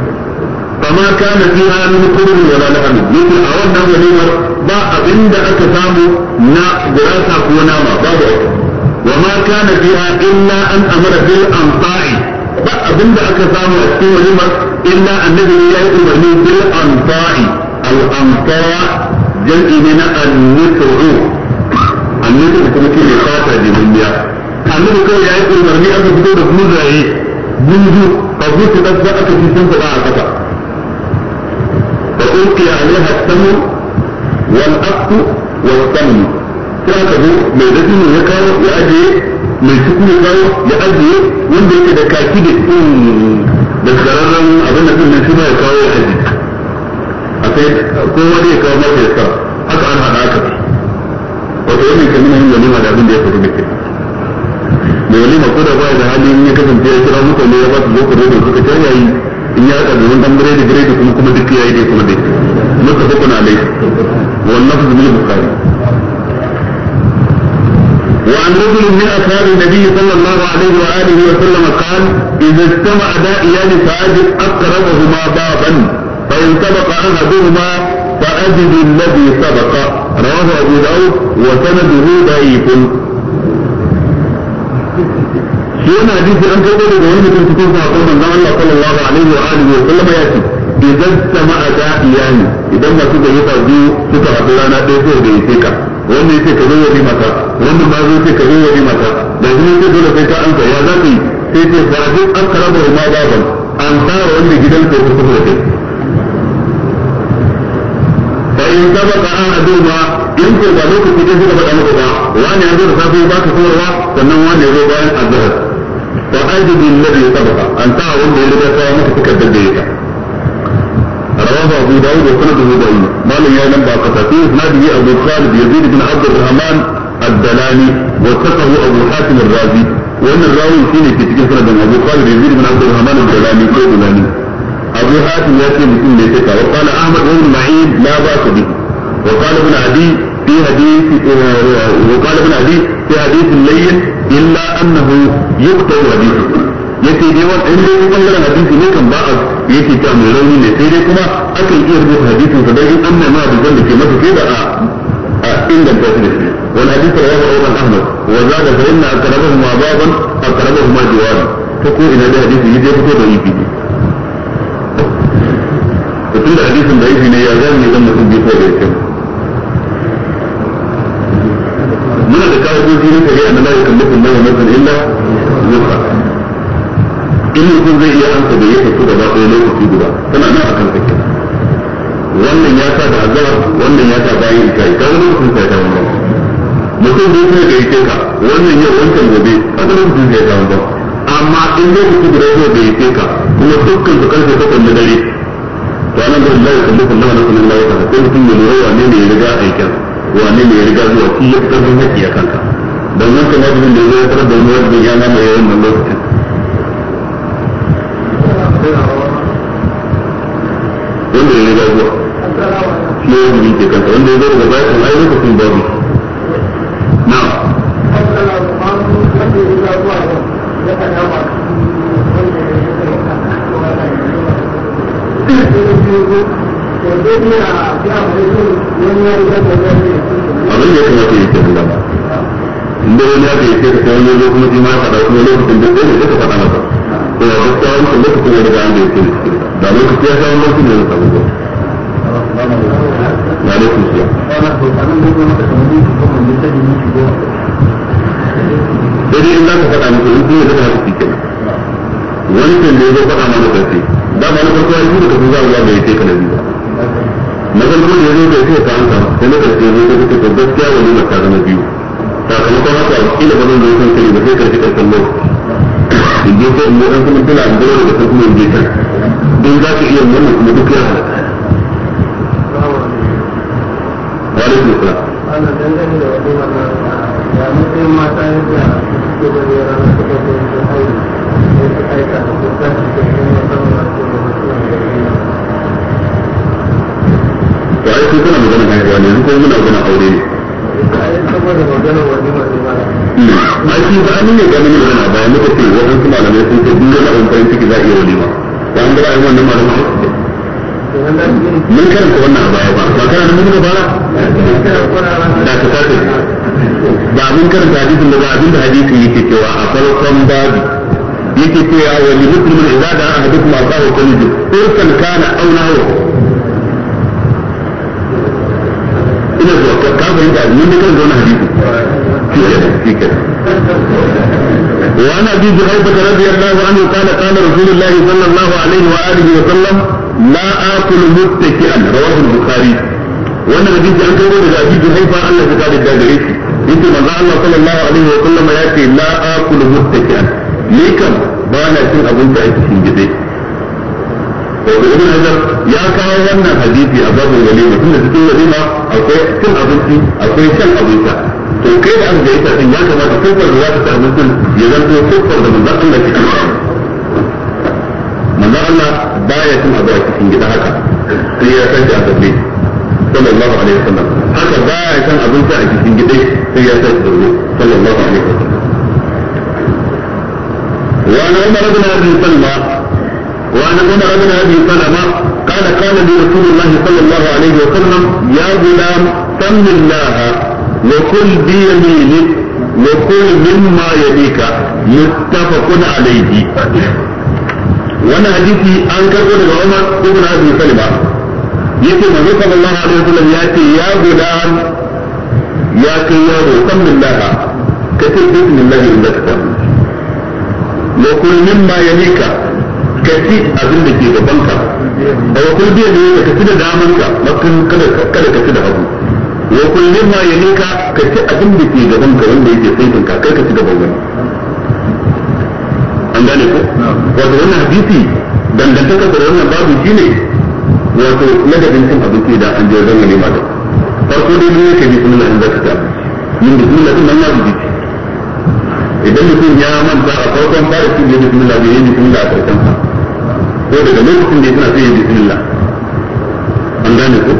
ma kana fiha min qurun wala lahm yake a wannan walimar ba abinda aka samu na gurasa ko nama babu wa ma kana fiha illa an amara bil amta'i ba abinda aka samu a cikin walimar illa annabi ya yi umarni bil amta'i al amta' jam'i ne na an-nutru an-nutru kuma ke ne fata da dunya annabi kawai ya yi umarni aka fito da buzaye gungu a zuci ɗan za aka fi sun faɗa a ƙasa فألقي عليها التمر والأخت والسم sai aka zo mai dafi a sai in ya ka domin dan grade grade kuma kuma duk yayi dai kuma dai muka fa kuna dai wannan fa zubin bukari wa an rajul min asari nabi sallallahu alaihi wa alihi wa sallam qal idza istama da'iya li fa'ad aqrabahuma baban fa in tabaqa ahaduhuma fa ajid alladhi sabaqa rawahu abu daud wa sanaduhu da'ifun shi wannan hadisi an karɓo daga wani mutum cikin sahabban manzon Allah sallallahu alaihi wa alihi wa sallam ya ce idan sama'a da'iyani idan masu gayyata biyu suka haɗu rana ɗaya sai da yake ka wannan yake ka zo wani mata wannan ma zo ka zo wani mata da kuma sai dole sai ka ansa ya za ka yi sai ce ba duk an karama ma baban an fara wanda gidan ka ya kuma kai fa in ka sabaka ahaduma in ko ba lokaci da suka faɗa maka ba wani ya zo da safe ba ka kowarwa sannan wani ya zo bayan azhar وأجد الذي سبق أن تعرض لذا سوامك تكبر بيتا رواه أبو داود وسنده ضعيف ما لم يعلم باقته إسناده أبو خالد يزيد بن عبد الرحمن الدلالي وثقه أبو حاتم الرازي وأن الراوي فيني في تكين سنة أبو خالد يزيد بن عبد الرحمن الدلالي دلالي أبو حاتم يأتي بكل ليتك وقال أحمد بن معين لا بأس به وقال ابن عدي في حديث آه، وقال ابن عدي في حديث لين illa annahu yuqta hadith yace dai wa in dai bangaren hadisi ne kan ba a yake ta mai rauni ne sai dai kuma akan iya rubuta hadisin sa dai an nema da wanda ke masa sai da a inganta shi da shi wal hadith rawahu Abu Ahmad wa zada fa inna aqrabahuma baban aqrabahuma diwara ta ko ina da hadisi ne zai fito da yi fiti to tunda hadisin da yi ne ya zama ne dan mutum bai ko da yake zo filin kare a nan yakan nufin nan na san illa zuwa in mutum zai iya da ya tafi da ɗaya lokaci guda tana nan akan sakin wannan ya sa da wannan ya sa bayan isha'i ta wani mutum sai ta wani mutum zai sai ga yake ka wannan yau wancan gobe wani mutum sai ta wani amma in lokaci guda yau da yake ka kuma dukkan su karfe takwas na dare to anan gurin la yakan nufin nan na san illa zuwa sai mutum ya lura wane ne ya riga aikin wane ne ya riga zuwa shi ya fitar a kanka domin sai nadirin da ya tarar da wani wajen ya nama yayin nan lokacin wanda ya riga zuwa shi ya yi ke kanta wanda ya lokacin babu na abin da ya kamata ya ke da wani aka yi sai ka wani zo kuma ya faɗa kuma lokacin da ɗaya ne ka faɗa masa to ya gaskiya wancan lokacin ya riga an da ya ce da lokaci ya kawo lokacin da ya samu ba na lokacin shi dai in za ka faɗa musu in kuma ya zama su kenan wancan ne ya faɗa mana ƙarfi da ba na farko ya yi da kafin za a bai kai ka na ba na farko da ya zo bai kai ka an samu sai na ƙarfi ya zo ka fito gaskiya wani na biyu sakamakon haka kila ba zan zo kan kare ba sai karshe karshen lokaci in je sai in zo kuma suna an gano da kan kuma in je kan don za ka iya wannan kuma duk ya halatta. Alaikum salam. Ana dangane da wani wannan ya matsayin mata yadda suke da yara na suka zo da aiki sai su aika da su ta kuma sama su da mutum da kuma. To ai na kana magana haihuwa ne, yanzu kuma muna magana aure ne. a shi ba an ne ganin magana ba muka ce wajen su malamai sun ce duk wani abin farin ciki za a iya walima ba an gara yin wannan malamai mun karanta wannan a baya ba ba kana nan muka bara da ka tafi ba abin karanta hadisin da ba abin da hadisin yake cewa a farkon babi yake cewa wa li muslimin idza da'a ahadukum akahu kullu fursan kana aw ina zuwa ka ka fahimta mun ne kan zauna hadisi shi kenan shi kenan وعن ابي جهيبة رضي الله عنه قال قال رسول الله صلى الله عليه واله وسلم لا اكل متكئا رواه البخاري وانا ابي جهيبة الله تعالى الدادري yace manzo Allah sallallahu alaihi wa sallam ya ce la akulu muttaki'an ni ba na cin abinci a cikin gidai wato ibn hajar ya kawo wannan hadisi a babu walima tunda cikin walima akwai cin abinci akwai shan abinci to kai da aka ga ita din ya kamata kofar da za ta ci abincin ya zanto kofar da manzon Allah ke cin manzon Allah baya cin abu a cikin gida haka sai ya san a tafi sallallahu alaihi wasallam haka baya cin abinci a cikin gida sai ya san shi sallallahu alaihi wasallam وعن عمر بن عبد سلمى وعن عمر بن ابي سلمه قال قال لي رسول الله صلى الله عليه وسلم يا غلام سم الله وكل بيمينك وكل مما يليك متفق عليه wannan hadisi an karbo daga Umar ibn Abi Salma yake manzo sallallahu alaihi wasallam ya ce ya gudan ya kai yaro san billah ka ce bismillah in da ka wa kullum ma yalika ka abin da ke gaban ka da wakul biya ne ka ci da daman ka makan kada kada ka ci da hagu wakul ma ya ninka ka ci abin da ke gaban ka wanda yake saitin ka kai ka ci gaban wani an gane ko wato wannan hadisi dangantaka da wannan babu ne wato ladabin cin abinci da an je wajen ganima da farko dai ne ka bi sunan an zaka ta min bismillah din nan ya bi idan mutum ya manta a farkon fara cin bismillah bai yi bismillah a farkon ko daga lokacin da suna sai bismillah an gane ko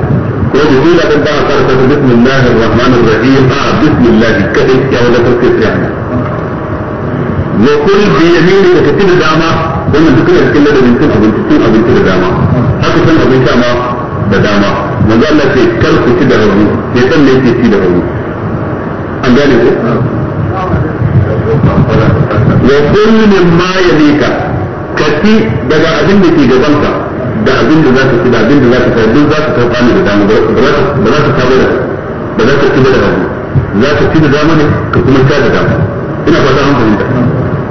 ko da wani da ba a fara ta bismillahir rahmanir rahim a bismillah kadai ya wala farko sai ana wa kul bi yamini da katin dama wannan duk da cikin ladabin cin abinci cin abinci da dama haka san abinci ma da dama manzo Allah sai kar ku ci da hagu sai san ne yake ci da hagu an gane ko wa kul mimma yalika kafi daga abin da ke gabanka da abin da za ka ci da abin da za ka ci duk za ka karɓa ne da dama ba za ka saba da ba za ka ci da dama za ka ci da dama ne ka kuma ci da dama ina fata an fahimta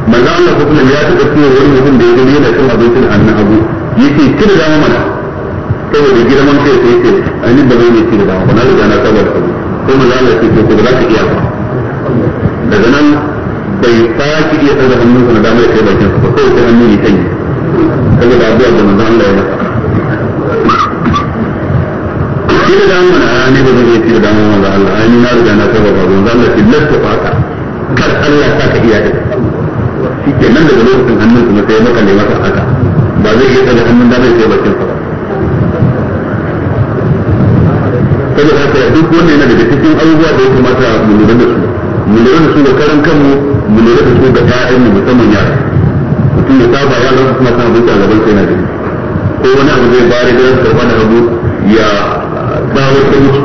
manzo Allah ko kuma ya taɓa cewa wani mutum da ya gani yana cin abincin annabi yake ci da dama mana saboda girman kai sai ce ani ba zan yi ci da dama ba na riga na saboda da ko manzo Allah ya ce ko ba za ka iya ba daga nan bai sake iya tsada hannunsa na damar kai bakin su ba kawai sai hannun ne kai kaga da abuwa da manzon Allah ya masa shi da damar na ne ba zai ci da damar manzon Allah ai ni na riga na saba ba manzon Allah ki lasta fa ka kar Allah ya saka iya din shi ke nan daga lokacin hannun na sai maka ne masa haka ba zai iya tsada hannun damar kai bakin su ba saboda haka duk wanda yana daga cikin abubuwa da ya kamata mu lura da su mu lura da su da karan kanmu mu lura da su ga ƴaƴan mu musamman yara mutum ya saba yara su kuma san abinci a gaban sai na gani ko wani abu zai bare da su karɓa da hagu ya dawo ta mutu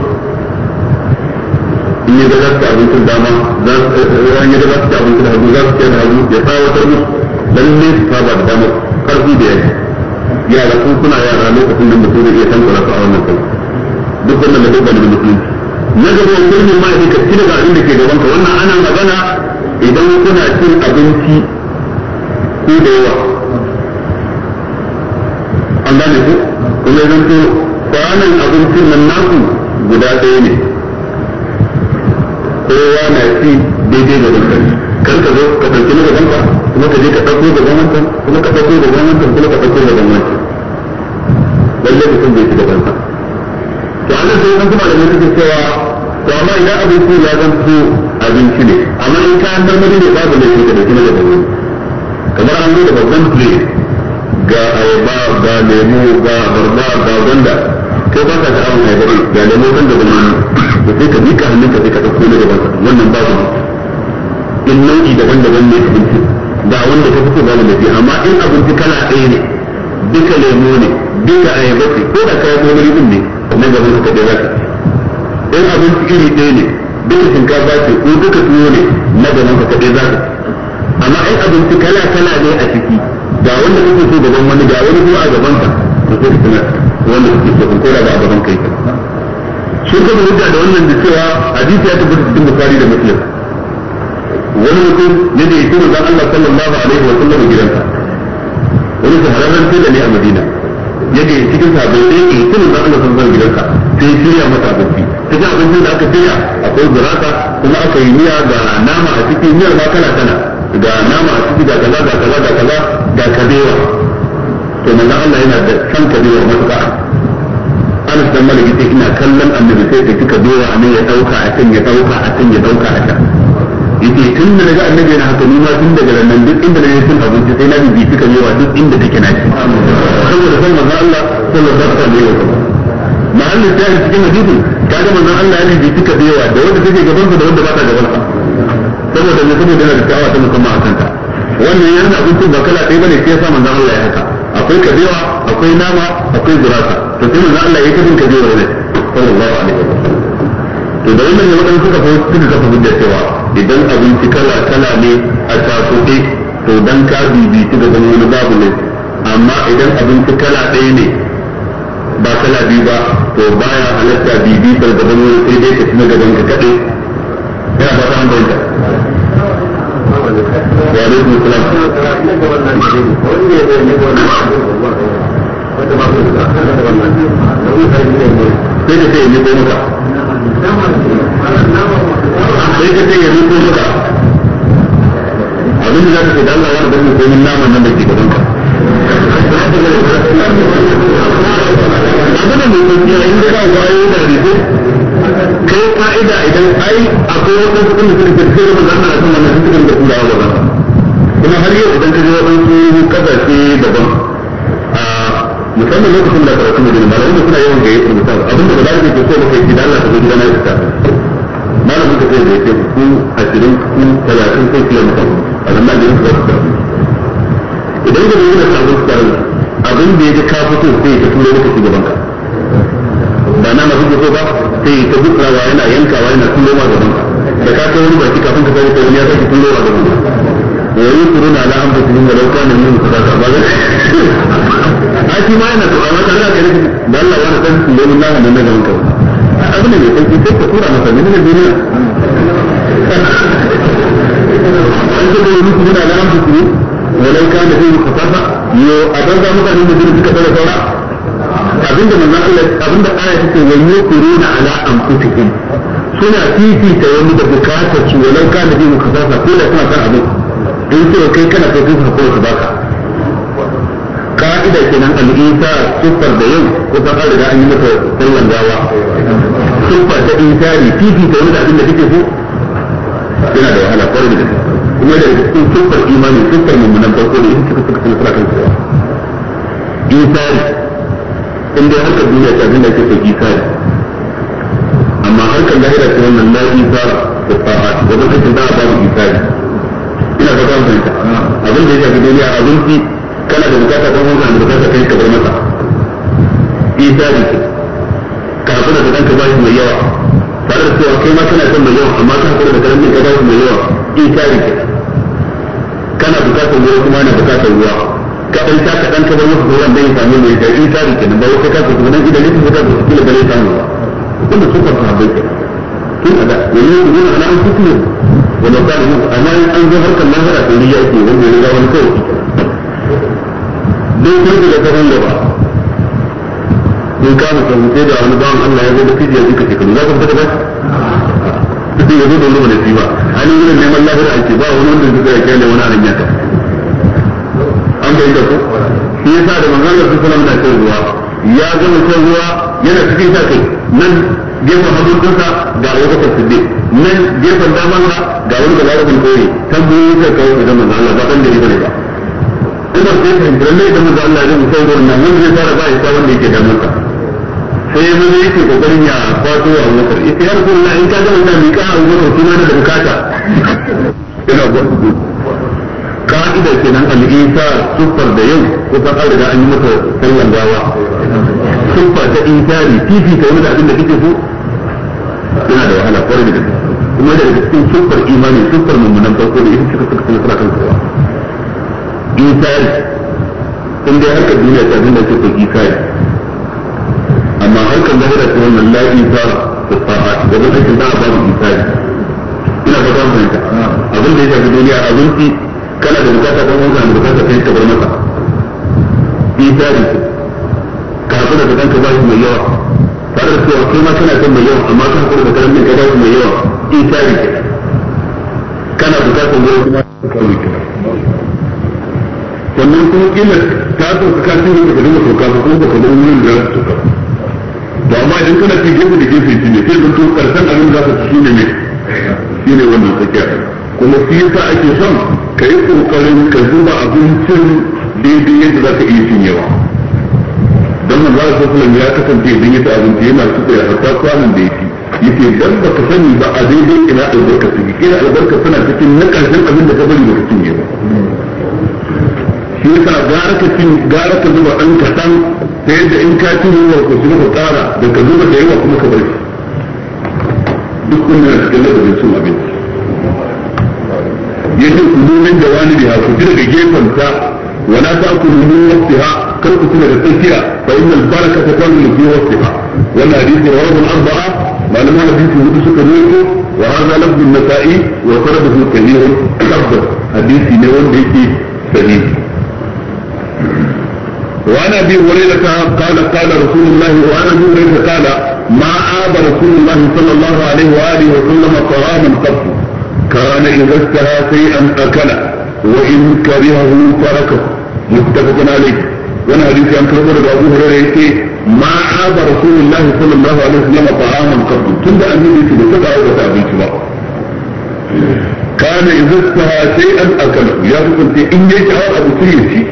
in ya ga ta abincin dama za su ran eh, ya ga ta abincin hagu za su ce da hagu ya tsawo ta mutu lalle su saba da dama karfi da yaki yara sun suna yara lokacin da mutum zai iya tankura su a wannan kai duk wannan da duk da musulunci na gaba wani ma ya ka ba daga abin da ke gaban ka wannan ana magana idan kuna cin abinci ku da yawa an gane ku kuma zan to kwanan abincin nan naku guda ɗaya ne kowa na ci daidai da wanda kan ka zo ka ɗauki na gaban ka kuma ka je ka ɗauko da wancan kuma ka ɗauko gaban wancan kuma ka ɗauko gaban wancan lalle mutum bai ci da sa to an zai sai wani kuma da mutum cewa to amma idan abinci ya zanto abinci ne amma in kayan marmari ne babu ne ka dauki na daban kamar an zo da babban plate ga ayaba ga lemu ga barba ga gwanda kai ba ka sha'awar ayaba ne ga lemu gwanda da lemu da sai ka mika hannun ka sai ka dauko na daban wannan babu in nau'i daban-daban ne abinci ga wanda ka fito babu laifi amma in abinci kala ɗaya ne duka lemu ne duka ayaba ce ko da kayan marmari din ne na gaban ka dai za ka in abinci iri ɗaya ne duk shinkafa ce ko duka tuwo ne na gaban ka kadai za ka amma in abinci kala kala ne a ciki ga wanda kake so gaban wani ga wani ko a gaban ka to sai ka tana wanda kake so ko da ba a gaban kai sun gaba hujja da wannan da cewa hadisi ya tabbata cikin bukari da muslim wani mutum ne da yake manzon Allah sallallahu alaihi wa sallam gidansa wani shahararren da ne a Madina yake cikin sabai sai yake cikin manzon Allah sallallahu alaihi wa sallam gidansa sai shirya masa abinci ta ga abincin da aka shirya akwai gurasa kuma aka yi miya ga nama a ciki miyar ma kana kana ga nama a ciki ga kaza ga kaza ga kaza ga kabewa to manzo Allah yana da san kabewa matuƙa Allah dan malaki yace ina kallon annabi sai da kika doya a nan ya dauka a can ya dauka a can ya dauka a can yace tun da ga annabi yana haka nima tun daga nan duk inda naje cin abinci sai na bi kika doya duk inda take na ci saboda san manzo Allah sallallahu alaihi wasallam ma'allin sai cikin hadisi kaga manzon Allah yana jiki ka da da wanda take gaban ka da wanda ba ta gaban sa saboda ne saboda yana da sha'awa ta musamman a kanta wannan yana abincin ba kala ɗaya bane sai ya sa manzon Allah ya haka akwai ka kabewa akwai nama akwai zurata to sai manzon Allah ya kafin kabewa ne sallallahu alaihi wasallam to da wannan ne wadanda suka fa suka kafa hujja cewa idan abinci kala kala ne a tasoɗe to dan ka bibici da ganin wani babu ne amma idan abinci kala ɗaya ne ba kala biyu ba to baya halatta bibitar da wani sai dai ka tuna gaban ka kaɗai yana ba ta an bayyana ya ne kuma kula sai da sai ne ko muka sai da sai ya ne ko muka abin da za ka ne da Allah ya rubuta min naman nan da ke gaban ka abin da mai kungiya in da wayo da rike kai fa'ida idan ai akwai wata cikin da suke kai da manzan Allah kan wannan cikin da kula wa kuma har yau idan ka je wadansu kasashe daban a musamman lokacin da karatu mai jini malamin da suna yawan gaye su musamman abin da ba za ka ke so ba kai idan Allah ka zo gidana ya fita malamin ka zai gaye ku ashirin ku talatin ko kilomita a zama da yin su idan ka zo yin sabon su abin da ya ga ka fito sai ta tura maka shugaban ka ba na mafi fito ba sai ta bukrawa yana yankawa yana turo ma gaban ka da ka kai wani baki kafin ka kai wani ya sake turo ma gaban ka wa yi turu na la'an da tuni walau kana min sadaka ba ga a shi ma yana to amma kana kai da Allah wani san turo min na nan gaban ka abin da mai sauki sai ka tura masa ne na duniya an ce da wani na la'an da tuni walau kana min sadaka yo a banza mutanen da jini suka tsara saura abinda manzan Allah abinda aya take wa yuqiruna ala anfusihim suna fifita wani da bukatar su walau kana bi mukasasa ko da suna kan abin in ce kai kana kai sun hakuri su baka ka'ida kenan al-isa sufar da yau kusan an riga an yi mata sallan gawa sufar ta insari fifita wani da abin da kake so yana da wahala kwarai da gaske kuma da cikin sukar imani sukar mummunan farko ne suka suka sun sura kan kowa isari in dai harkar duniya ta abin da ake sai isari amma harkar lahira ce wannan na isara da sa'a wajen aikin da a babu isari ina ga zan fahimta abin da ya shafi duniya abinci kana da bukata kan wannan da bukata kai ka bar masa isari ka haɗu da ɗanka ba shi mai yawa tare da cewa kai ma kana son mai yawa amma ka haɗu da ɗanka ba shi mai yawa inkari kana bukatar ruwa kuma na bukatar ruwa ka dan ta kadan ka bar masa ruwan dan ya samu mai da inkari kenan ba wai ka kasa kuma dan idan ka kasa kila bare samu ba kuma su ka fara bai tun ada wani yanzu ana an kuku wanda ka mu amma an zo harkar lahira da riya ke wanda ya ga wani kawai dan kai da ka hanga ba in ka mu sai da wani bawan Allah ya zo da kiji ya shekaru za ka fita ba ya zo da wani ba hannun wurin neman lafiya ba wani wanda zai ya kyale wani an bai da ku shi yasa da manzon ruwa ya gama ruwa yana cikin sa kai nan gefen ga wata nan gefen daman ga wani da zaka koyi tambayoyi ka da manzon Allah ba dan da ba sai da manzon Allah wanda zai fara ba ya sa wanda yake da sai eh, mun yi ke kokarin ya kwato a wutar ita ya rasu na in ka ga wannan mika a wutar kuma da bukata ina ba ka'ida kenan al-isa sufar da yau kusan an riga an yi masa sallan gawa sufa ta insari fifi ta wani da abin da kike so yana da wahala kwarai da gaske kuma da cikin sufar imani sufar mummunan farko da ita ce suka kuma suna kan kowa insari in dai harkar duniya ta abin da kike so insari amma harkar lahira ce wannan lafi ta fasaha gaban aikin ta babu ta ina ba zan fahimta abin da ya shafi duniya abinci kana da bukata don wanka da bukata kai ta bar masa misali kafin da kanka ba shi mai yawa tare da cewa kai ma kana ta mai yawa amma da ka yawa ta sannan kuma kila ta sauka kafin da ka dinga ko ba ka dinga yin da ka to amma idan kana ci gefe da gefe shi ne sai zanto karshen abin za ka ci shi ne ne shi ne wannan tsakiya kuma shi yasa ake son ka yi kokarin ka zuba abincin daidai yadda za ka iya cinyewa don nan za a sassalan ya kasance idan ya ta abinci yana tuka ya harta kwanan da ya ci yake dan ba ka sani ba a daidai ina albarka suke kira albarka suna cikin na karshen abin da ka bari ba ka cinye ba shi yasa gara ka zuba ɗan kaɗan ta yadda in ka ci yunwar ko kuma ka tsara da ka zuba da yawa kuma ka bari duk wannan a cikin ladabin cin abinci yadda ku nomin da wani biya ku ci daga gefen ta wala ta ku nomin ha kar ku tuna da tsakiya fa innal baraka ta kan wasu ha wannan hadisi rawahu al-arba'a malaman hadisi hudu suka rawaito wa hadha lafdun nasa'i wa sanaduhu kathirun lafdun hadisi ne wanda yake sahihi وعن ابي هريره قال قال رسول الله وعن ابي هريره قال ما آب رسول الله صلى الله عليه واله وسلم طعاما قط كان اذا اشتهى شيئا اكله وان كرهه تركه متفق عليه وانا حديث عن كربر ابو هريره ما آب رسول الله صلى الله عليه وسلم طعاما قط تند ان يجي بسبعه وتابعه بقى كان إذا اشتهى شيئا أكله يا رب أنت إن يجعل أبو سيدي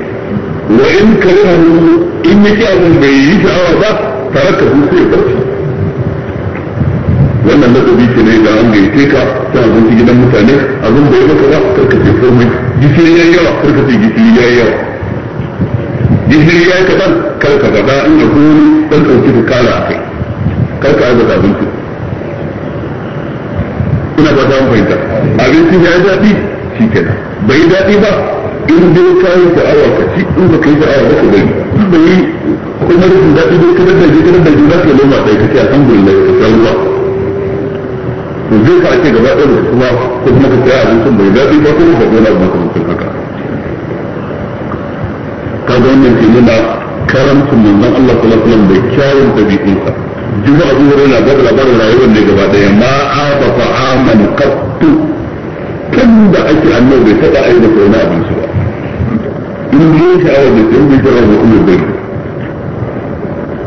wa in kare in yake abin bai yi sha'awa ba tare ka hu sai barci wannan ladabi ce ne da an gaice ka ta abinci gidan mutane abin bai maka ba karka ce komai gishiri yi yawa karka ce gishiri yi yawa gishiri yayi kadan karka gaba in da kuma dan dauki ka kala akai karka aibata abinci ina ba ta fahimta abinci ya yi daɗi shi kenan bai daɗi ba in dai ka yi sha'awa ka ci in ka yi sha'awa ka bari in bai kuma rufin daɗi dai kadar da kadar da za ka loma ɗaya ka ce alhamdulillah ka sha ruwa to zai ka ake gaba ɗaya kuma ko kuma ka saya abincin bai daɗi ba kuma ka gona ba ka mutum haka ka ga wannan ke nuna karamcin manzon Allah sallallahu alaihi wasallam da kyawun ɗabi'unsa jima abu wurin na bada labarin rayuwar ne gaba ɗaya ma a ba fa'aman kattu tun da ake annabi bai taɓa aibata wani abinci جيش جرب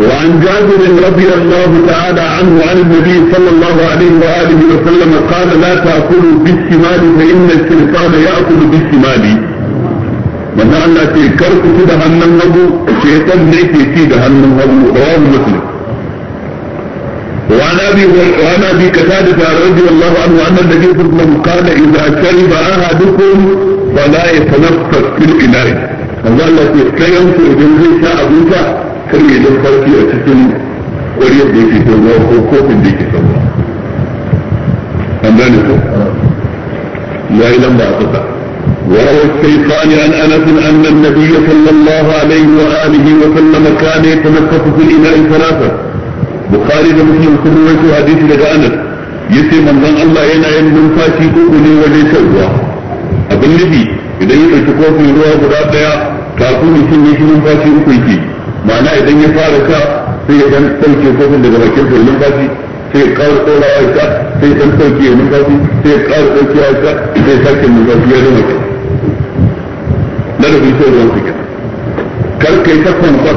وعن جابر رضي الله تعالى عنه عن النبي صلى الله عليه وآله وسلم قال لا تأكلوا بالشمال فإن الشيطان يأكل بالشمال من الله في كرك في جهنم النبو الشيطان ليس في جهنم النبو رواه مسلم وعن ابي وعن ابي قتاده رضي الله عنه ان النبي صلى الله عليه وسلم قال اذا شرب احدكم فلا يتنفس في الاناء manzo Allah ce kayan ku idan zai sha abinka kar ya dan farki a cikin ƙwariyar da yake son ruwa ko kofin da yake son ruwa an gane ko ya yi lamba a kusa وروى الشيطان عن انس ان النبي صلى الله عليه واله وسلم كان يتنفس في الاناء ثلاثه بخاري ومسلم كل وجه حديث لدى انس yace manzon Allah yana yin numfashi uku ne wajen shan ruwa abin nufi idan ya ɗauki kofin ruwa guda ɗaya kafu mutum ne shi numfashi uku ma'ana idan ya fara ka sai ya daga bakin sai numfashi sai ya ƙara a sai ya numfashi sai ya ƙara ya sake numfashi ya zama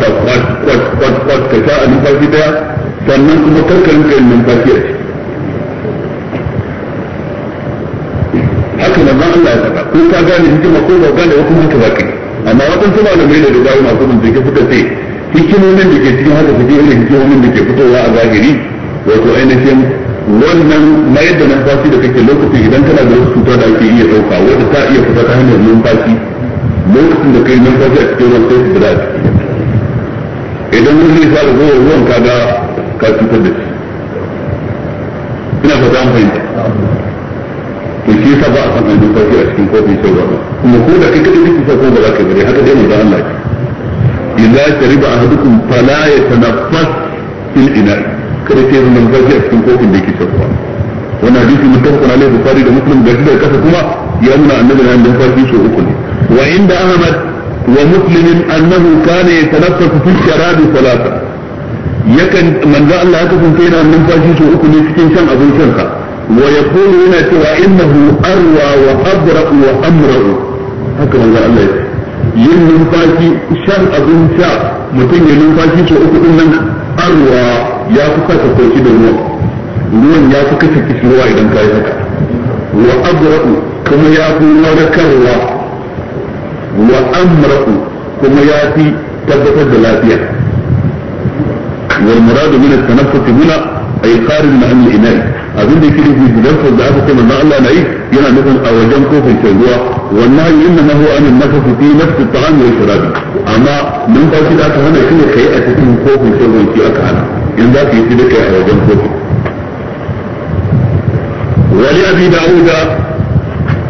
ta kwata kwat ka sa a numfashi daya sannan kuma kar ka rinka yin numfashi a Allah ya ka gane hikima ko ba kuma haka amma waɗansu malamai da dai masu bincike suka ce hikimomin da ke cikin haka suke irin hikimomin da ke fitowa a zahiri wato ainihin wannan mayar da numfashi da kake lokaci idan kana da wasu cuta da ake iya ɗauka wadda ta iya fita ta hanyar numfashi lokacin da kai numfashi a cikin ruwan sai su fita idan wani zai fara zuwa ruwan kaga ka cutar da shi ina fata an fahimta to shi yasa ba a san an duka shi a cikin kofin shan ruwa kuma ko da kai kadai kake sha ko ba za ka bari haka dai manzo Allah ce idza shariba ahadukum fala yatanaffas fil ina kada sai mun duka a cikin kofin da yake shan ruwa wannan hadisi mutafaqun alaihi bukhari da muslim da shi da kasa kuma ya nuna annabi na yin numfashi so uku ne wa inda ahmad wa muslim annahu kana yatanaffasu fi sharab salata yakan manzo Allah ya kasance yana numfashi so uku ne cikin shan abin shan sa ويقول هنا سوى إنه أروى وأبرأ وأمرأ هكذا الله الله yin numfashi shan abin sha mutum ya numfashi sau uku din nan arwa ya fi kasa koshi da ruwan ruwan ya fi kashe kishirwa idan ka yi haka wa abra'u kuma ya fi warkarwa wa amra'u kuma ya fi tabbatar da lafiya wal muradu min at-tanaffus huna ay kharin mahall inai abin da yake nufi idan ko da aka manzo Allah na yi yana nufin a wajen kofin shan ruwa wannan inna ma huwa an nafasu fi nafsi ta'am wa sharabi amma nan ba shi da aka hana shi ne kai a cikin kofin shan ruwa shi aka hana in za ka yi shi da kai a wajen kofin ولي أبي داود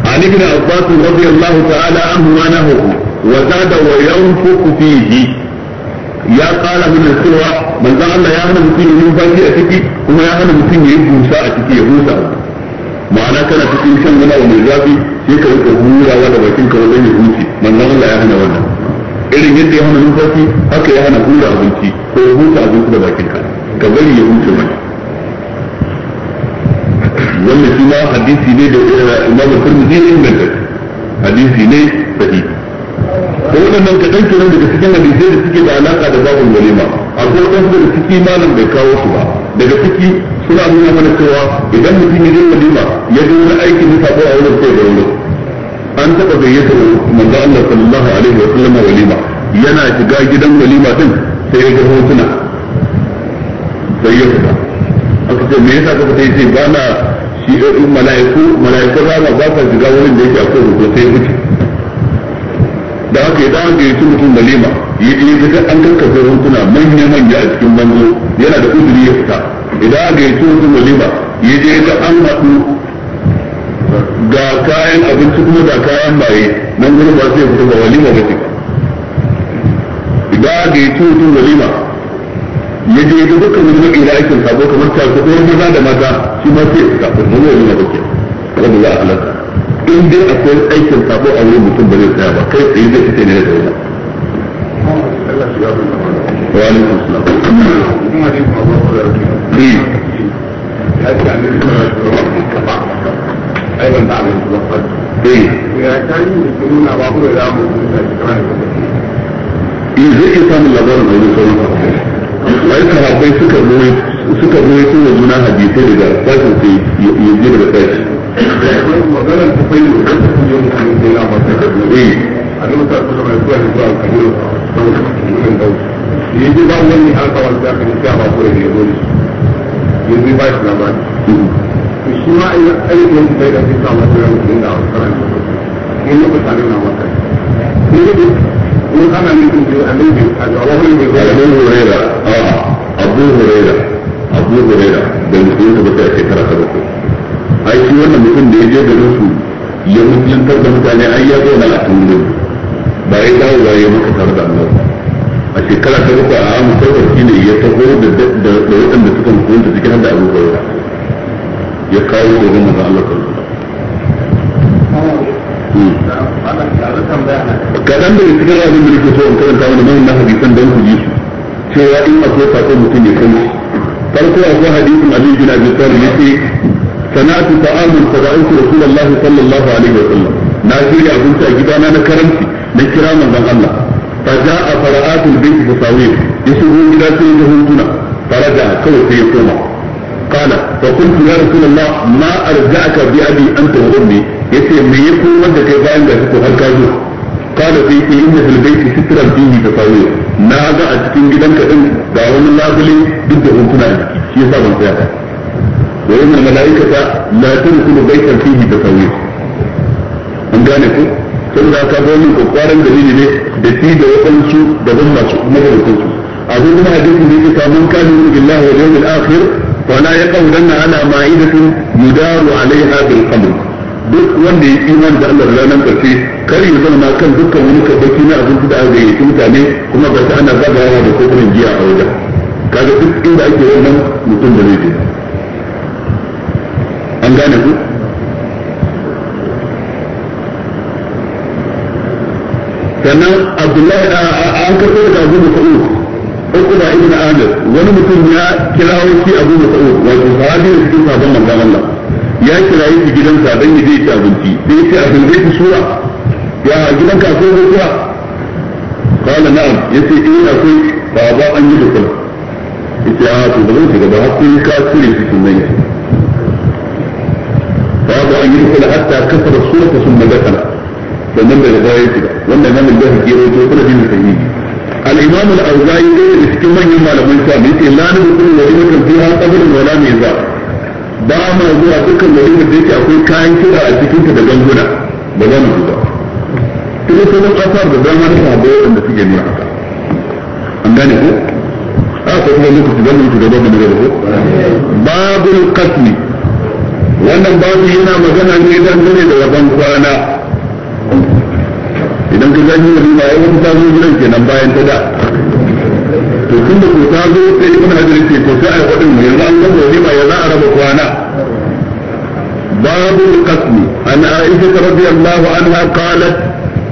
عن ابن عباس رضي الله تعالى عنهما نهوه وزاد وينفق فيه يا قال من السوى manzon Allah ya hana mutum yin numfashi a ciki kuma ya hana mutum ya yi busa a ciki ya busa ma'ana kana cikin shan wani abu mai zafi sai ka rika hurawa da bakin ka wajen ya huce manzon Allah ya hana wannan irin yadda ya hana numfashi haka ya hana hura abinci ko huta abinci da bakin ka ka bari ya huce mana wannan shi ma hadisi ne da Imam Tirmidhi ya inganta hadisi ne sahihi ko wannan kadan kiran daga cikin hadisi da suke da alaka da babin walima akwai wasu daga ciki malam bai kawo su ba daga ciki suna nuna mana cewa idan mutum ya je walima ya je wani aikin ya sabo a wurin sai da wurin an taɓa gayyatar manzo Allah sallallahu alaihi wa sallam walima yana shiga gidan walima din sai ya ga hotuna sai ya fita aka ce me yasa ka fita yace ba na shi ɗin eh, mala'iku mala'iku rama ba ta shiga wurin da yake akwai hoto sai ya wuce da haka idan an gayyaci mutum walima ya je ga an karkafe hukuna manya manya a cikin banzo yana da uzuri ya fita idan aka yi tuwo walima ya je ga an haɗu ga kayan abinci kuma da kayan baye nan gurin ba sai fita ba walima ba ce idan aka yi tuwo walima ya je ga dukkan wani mai ila aikin sabo kamar ta ko maza da mata shi ma sai fita ba mu walima ba ce wanda za a halaka in dai akwai aikin sabo a wurin mutum ba zai tsaya ba kai tsaye zai fita ne da wani وعليكم السلام أيضا بعد الوقت. إذا annabi ta kuma ba wani har ka wani zaka ne ba ko da yaro ne yanzu ba shi labari shi ma ai ai mun bai da shi samu da mun da alƙaran ne ne mutane na maka ne ne mun ana ne kun ji annabi a ga wani mai zuwa ne hurera a abu hurera abu hurera da mutum da bai shekara ta bakwai ai shi wannan mutum da ya je garin su ya mutuntar da mutane ai ya zo na a tungurin ba ya dawo ba ya maka tare da annabi a shekara ta uku a amu saukar shi ne ya taho da waɗanda suka mutunta cikin hada abu bauta ya kawo gobe maza Allah kan kaɗan daga cikin abin da nake so in karanta wani mai na hadisan don ku ji su cewa in akwai sakon mutum ya kai farko akwai hadisin Ali bin Abi Talib yace sana'atu ta'amun fa da'awtu Rasulullahi sallallahu alaihi wa sallam na shirya abinci a gidana na karanci ya kira manzon Allah fa ja'a fara'atul gida sai ya huntuna faraja kawai sai ya koma kana fa kuntu ya rasulullah ma arja'aka bi abi anta wa ummi yace me ya da kai bayan da ko har ka kana sai inna fil bayti sitran na ga a cikin gidanka din ga wani labule duk da huntuna shi yasa ban tsaya ba sun da ka zo min da ni ne da shi da da ban masu mafarkin su a zo kuma hadisin da yake samun kanin billahi wal yawmil akhir fa la yaqudanna ala ma'idatin yudaru alaiha bil qamr duk wanda ya imani da Allah ranar karshe kar ya zama kan dukkan wani kabaki na abinci da aka yi mutane kuma ba ta ana zagawa da kokarin giya a wajen kaga duk inda ake wannan mutum da zai je an gane ku sannan abdullahi an karɓo daga abu mas'ud uku da ibn amir wani mutum ya kira kirawo shi abu mas'ud wato sahabi da cikin sabon manzon Allah ya kirayi shi sa dan ya je ci abinci sai ya ce a kan zai sura ya gidanka akwai sura qala na'am yace eh akwai ba ba an yi da kullu yace a ah, to ba zan shiga ba har kun ka kure cikin nan yace babu an yi kula hatta kasar sura ta sun magana sannan da baya ya shiga wanda nan da ke rawaito kuma din sahihi al-imam al awzai da cikin manyan malaman sa ne sai la kullu wa imakan fiha qabrun wa la miza ba ma zuwa dukkan walimar da yake akwai kayan kira a cikin ta da ganguna ba za mu zuwa kuma mun asar da dama na sahabbai wanda suke nuna haka an gane ko a ko kuma lokaci da mu shiga babu da ko babul qasmi wannan babu yana magana ne dangane da rabon kwana idan ka gani da riba ai wani tazo gidan kenan bayan ta da to tun da ko tazo sai ibn hajar ce ko sai ai wadin yanzu an gaba riba ya za a raba kwana باب القسم عن عائشة رضي الله عنها قالت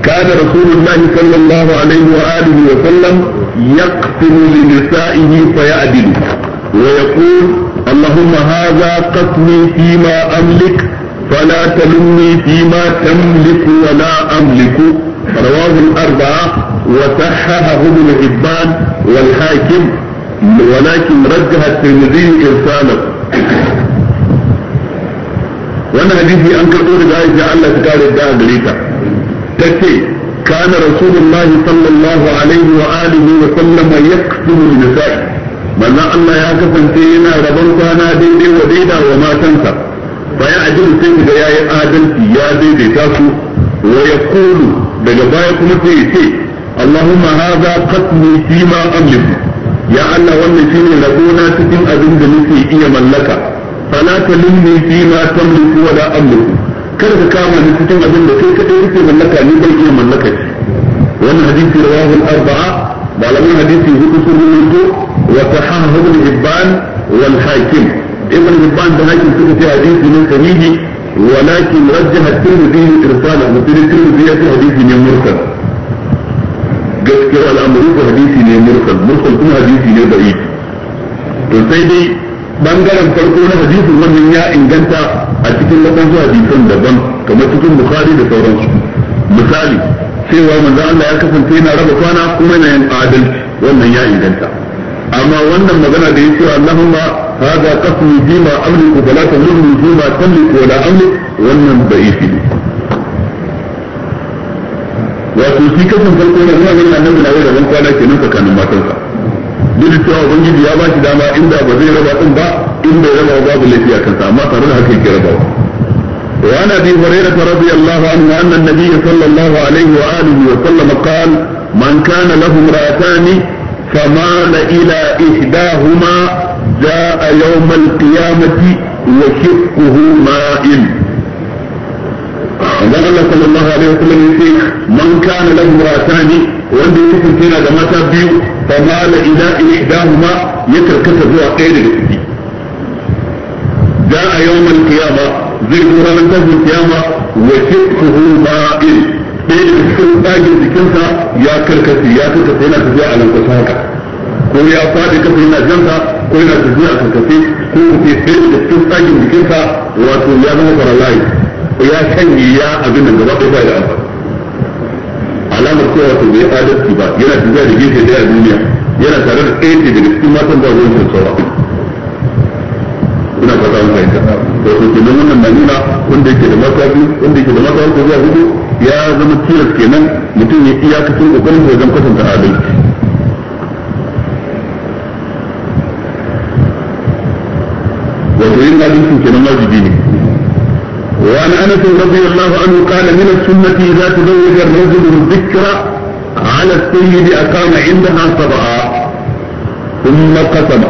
كان رسول الله صلى الله عليه وآله وسلم يقسم لنسائه فيعدل ويقول اللهم هذا قسمي فيما أملك فلا تلمني فيما تملك ولا أملك رواه الأربعة وصححه ابن حبان والحاكم ولكن رجح الترمذي إرساله wannan hadisi an karɓo daga Aisha Allah ta kare ta a gare ta tace kana rasulullahi sallallahu alaihi wa alihi wa sallama yaktubu nisa'i manzon Allah ya kasance yana rabon kwana daidai wa daida wa matansa fa ya ajibu sai ga yayi adalci ya daidaita su wa yaqulu daga baya kuma sai ya ce Allahumma hadha qatlu fi ma amliku ya Allah wannan shine rabona cikin abin da nake iya mallaka fala talimni fi ma tamliku wa la amliku kada ka kama ni cikin abin da kai kadai kake mallaka ni bai iya mallaka shi wannan hadisi rawahu al-arba'a malamin hadisi hudu sun rubuto wa sahahu ibn Hibban wal Hakim ibn Hibban da Hakim suka ce hadisi ne sahihi ولكن رجح الترمذي ارساله مثل الترمذي في حديث مرسل gaskiyar al'amari ko hadisi ne mursal mursal kuma hadisi ne da'i to sai bangaren farko na hadisin wannan ya inganta a cikin waɗansu hadisan daban kamar cikin bukhari da sauransu misali cewa manzo Allah ya kasance yana raba kwana kuma yana yin adalci wannan ya inganta amma wannan magana da yake Allahumma هذا قسمي فيما أملك فلا تملكني فيما تملك ولا أملك wannan da'ifi ne wato shi kasan farko da zuwa ganin annabi na yau da kwana kenan tsakanin matansa duk cewa ubangiji ya ba shi dama inda ba zai raba din ba inda ya raba babu laifi a kansa amma tare da haka yake rabawa وعن ابي هريره رضي الله عنه ان النبي صلى الله عليه واله وسلم قال من كان له امراتان فمال الى احداهما جاء يوم القيامة وشقه مائل قال الله صلى الله عليه وسلم يقول من كان له امرأتان wanda ya kasance yana da mata biyu fa mala ila ihdahuma ya karkata zuwa ɗaya daga ciki jaa yawmal qiyama zai zo ranar tashin qiyama wa shiqquhu ba'il ɗaya daga cikin ɗakin jikinsa ya karkace ya karkace yana tafiya a lankwasa haka ko ya faɗi kasa yana jansa ko yana tafiya a karkace ko mutum sai da cikin tsakin jikinsa wato ya zama ko ya shanye ya abin da gaba ɗaya da amfani alamar cewa wato bai adalci ba yana tafiya da gefe ɗaya a duniya yana tare da ɗaya daga cikin matan ba ruwan sassawa ina fata an fahimta to ko kenan wannan na nuna wanda yake da mata biyu wanda yake da mata uku zuwa hudu ya zama tilas kenan mutum ya iyakacin kokarin wajen kwatanta adalci وتريد ان تنسى نماذجين وعن انس رضي الله عنه قال من السنه اذا تزوج الرجل الذكرى على السيد اقام عندها سبعا ثم قسم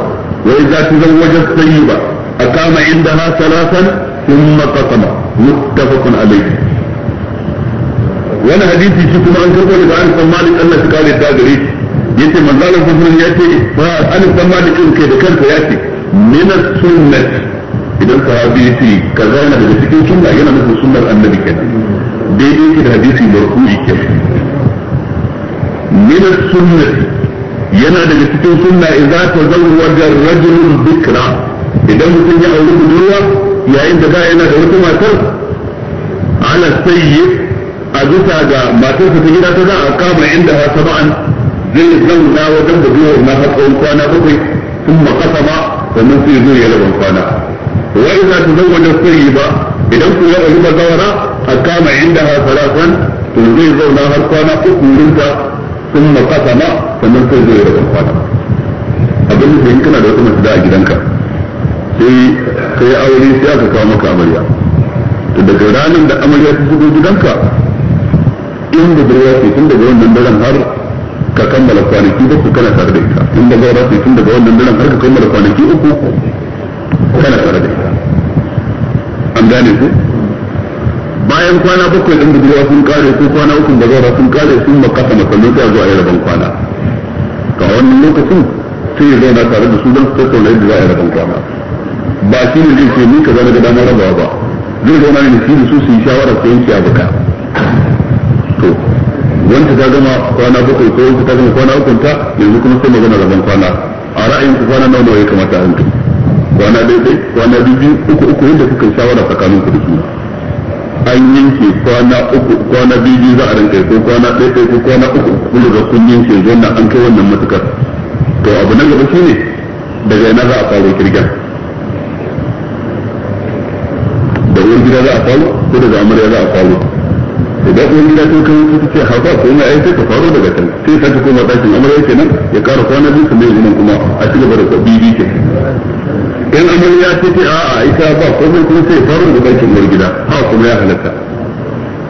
واذا تزوج السيدة اقام عندها ثلاثا ثم قسم متفق عليه وانا حديثي شفت ما انكر قولي فانا سمالك الله سكالي الدادري يتي من قال الفصل ياتي فانا سمالك انكي بكالك ياتي من السنة idan sahabi yace kaza yana daga cikin sunna yana nufin sunnar annabi kenan daidai yake da hadisi marfu'i kenan min sunnah yana daga cikin sunna idza tazawwaja ar dhikra idan mutum ya auri budurwa yayin da da yana da wata matar ala sayyi a bisa ga matarsa ta gida ta za a kama inda ha saba'an zai zauna wajen budurwa na har kwana bakwai sun makasa ma sannan sai zai yi rabon kwana wa idza tazawwaja sayyiba idan ku ya aure bazawara akama ha salatan to zai zauna har kwana uku rinka sun ma sannan sai zai yi rabon kwana abin da in kana da wata mace da a gidanka sai kai aure sai aka kawo maka amarya to daga ranar da amarya ta shigo gidanka in da ce tun daga wannan daren har ka kammala kwanaki uku kana tare da ita tun daga wara sai tun daga wannan daren har ka kammala kwanaki uku kana tare da ita an gane ku bayan kwana bakwai din budurwa sun kare ko kwana uku da zaura sun kare sun makasa masallu sai zuwa yi rabon kwana ka wannan lokacin sai ya zauna tare da su don su tattauna yadda za a yi rabon kwana ba shi ne zai ce ni ka zama da damar rabawa ba zai zauna ne shi da su su yi shawara su yanke abu ka wanda ta gama kwana bakwai ko wanda ta gama kwana ukunta yanzu kuma sai magana zaman kwana a ra'ayin ku kwana nawa ya kamata a hankali kwana daidai kwana biyu uku uku yadda kuka shawara tsakanin ku da su an yanke kwana uku kwana biyu za a rinka ko kwana ɗaya ko kwana uku kuma da kun yanke wannan an kai wannan matukar to abu na gaba shine daga ina za a faro kirgin da wani gida za a faro ko daga amarya za a faro idan kuma gida sun kai wuce ce hauka kuma ai sai ka faro daga can sai sake koma dakin amarya kenan ya kara kwana biyu su mai ginin kuma a ci gaba da bibi ke in amarya ce ce a ita ba komai kuma sai faro daga dakin uwar gida ha kuma ya halatta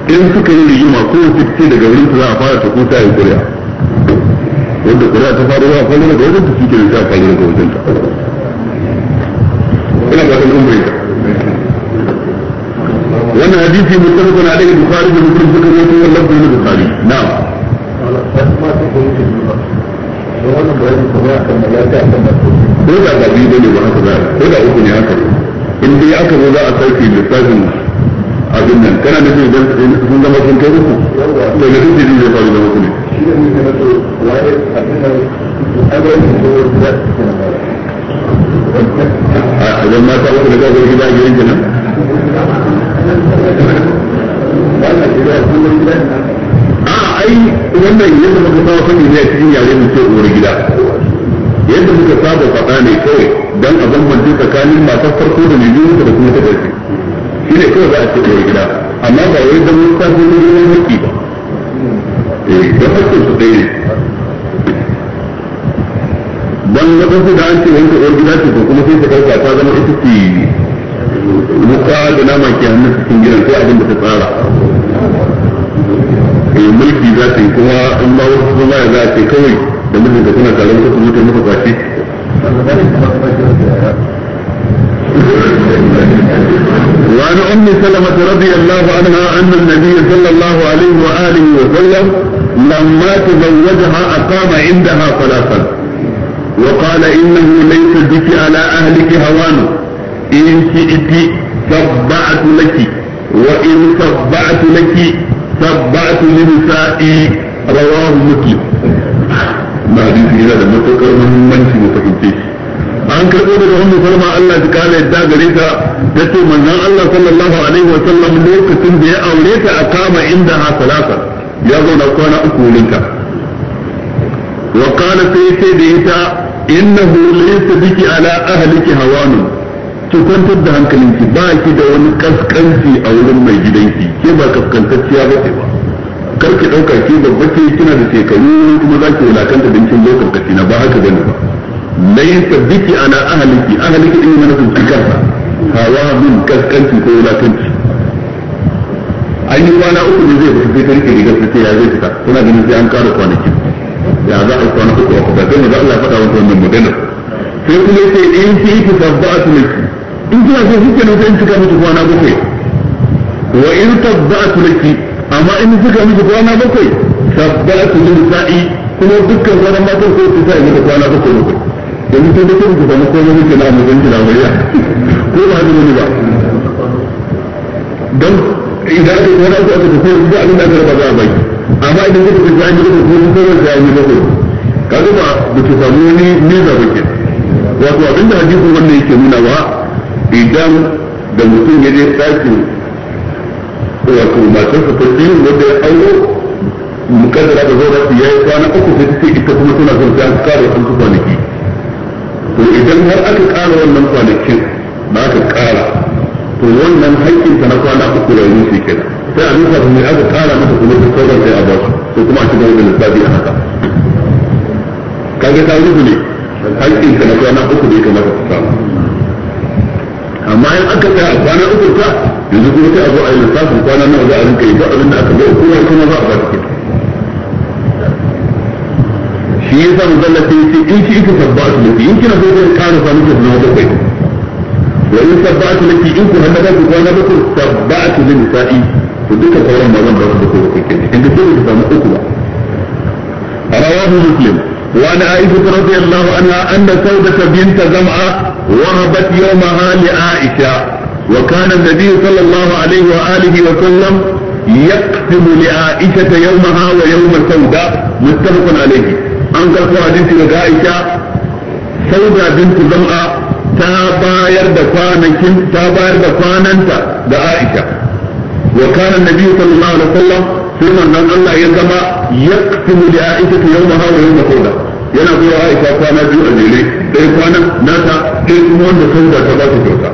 in suka yi rigima ko ce daga wurin su za a fara ta kusa ya yi kuriya wanda kuriya ta faro za a faro daga wajen ta shi ke da ta faro daga wajen ta ina fatan kun bayyana wannan hadisi muttafaqun alaihi bukhari da muslim suka rawaito wannan lafzin bukhari na'am ko da ba biyu bane ba haka za ko da uku ne haka in dai aka zo za a sauke lissafin abin nan kana nufin idan sun zama sun kai uku to na duk da zai faru da ne kawai dan a bambance tsakanin matar farko da mai biyu da kuma ta shi ne kawai za a cikin ɗaya gida amma ba wai don wani kafin da ruwan haƙƙi ba eh dan su ɗaya ne dan na farko da an ce wanke uwar gida ce ko kuma sai ta ɗauka ta zama ita ce wuka da nama ke hannu cikin gidan sai abin da ta tsara eh mulki za ta yi kuma in ba wasu kuma ya za a ce kawai da mijinta kuna tare da kuma mutu muka kwace وعن ام سلمه رضي الله عنها ان النبي صلى الله عليه واله وسلم لما تزوجها اقام عندها ثلاثا وقال انه ليس بك على اهلك هوان ان شئت تبعت لك وان تبعت لك تبعت لنسائي رواه مسلم ما دي في هذا متكرر من من في متكلم an karɓo daga ummu salma Allah ta kare yadda gare ta yace manzon Allah sallallahu alaihi wa sallam lokacin da ya aure ta a kama inda ha salasa ya zauna kwana uku wurinka wa qala sai sai da ita innahu laysa biki ala ahliki hawanun ki kwantar da hankalinki ba ki da wani kaskanci a wurin mai gidanki ke ba kaskantacciya ba ce ba kar ki dauka ki babba ce kina da shekaru kuma za ki wulakanta dinkin lokacin na ba haka bane ba laysa biki ala ahliki ahliki din mana sun kanka hawa min kaskanci ko wulakanci an yi kwana uku ne zai fita sai rike rigar sai ya zai fita kuna ganin sai an kara kwanaki ya za a kwana uku a kuka sai mu za Allah faɗa wa wannan magana. sai kuma sai in fi ki tabbatu laki in kina so kike nan sai in cika miki kwana bakwai wa in tabbatu laki amma in kika miki kwana bakwai tabbatu lin sa'i kuma dukkan sauran matan sai su sa'i miki kwana bakwai yanzu sai da kuma kusa ko zama ke na amurkan ki labariya ko ba haka wani ba don idan aka wani aka aka kusa ba abin da aka ba za a baki amma idan kuka kusa an yi kuka ko kusa ba sai an yi bakwai kaga ba da ke samu wani nesa ba ke wato abin da hadisi wannan yake nuna wa idan da mutum ya je ɗakin wato matarsa ta ciwo wanda ya auro mukaddara da zaura su yayi kwana uku sai ta ce ita kuma tana son ta kare an su kwanaki to idan har aka kara wannan kwanakin ba aka kara to wannan haƙƙin ta na kwana uku da rushe kenan sai a nufa mai aka kara masa kuma ta sauran sai a basu to kuma a cikin gaba da lissafi a haka kaga ta rufu ne haƙƙin ta na kwana uku da ya kamata ta samu amma in aka tsaya a kwana uku ta yanzu kuma sai a zo a yi lissafin kwana nawa za a rinka yi ba abin da aka bai kuma kuma za a ba ta shi yasa manzon Allah sai ce in ki ita sabbatu laki in kina so ki kara samu ki na bakwai wa in sabbatu laki in ku hada ku kwana bakwai sabbatu lin nisa'i to duka sauran ma zan ba su bakwai bakwai kenan kin ga sai ku samu uku ba rawahu muslim وعن عائشة رضي الله عنها أن سودة بنت زمعة وهبت يومها لعائشة وكان النبي صلى الله عليه وآله وسلم يقسم لعائشة يومها ويوم سودة متفق عليه an karfa hadisi daga Aisha sauda bintu zam'a ta bayar da kwanakin ta bayar da kwananta da Aisha wa kana nabi sallallahu alaihi wasallam sai manzon Allah ya zama yaktumu li Aisha yawmaha wa yawma sauda yana zuwa Aisha kwana biyu a jere dai kwanan nata dai kuma wanda sauda ta ba su kyauta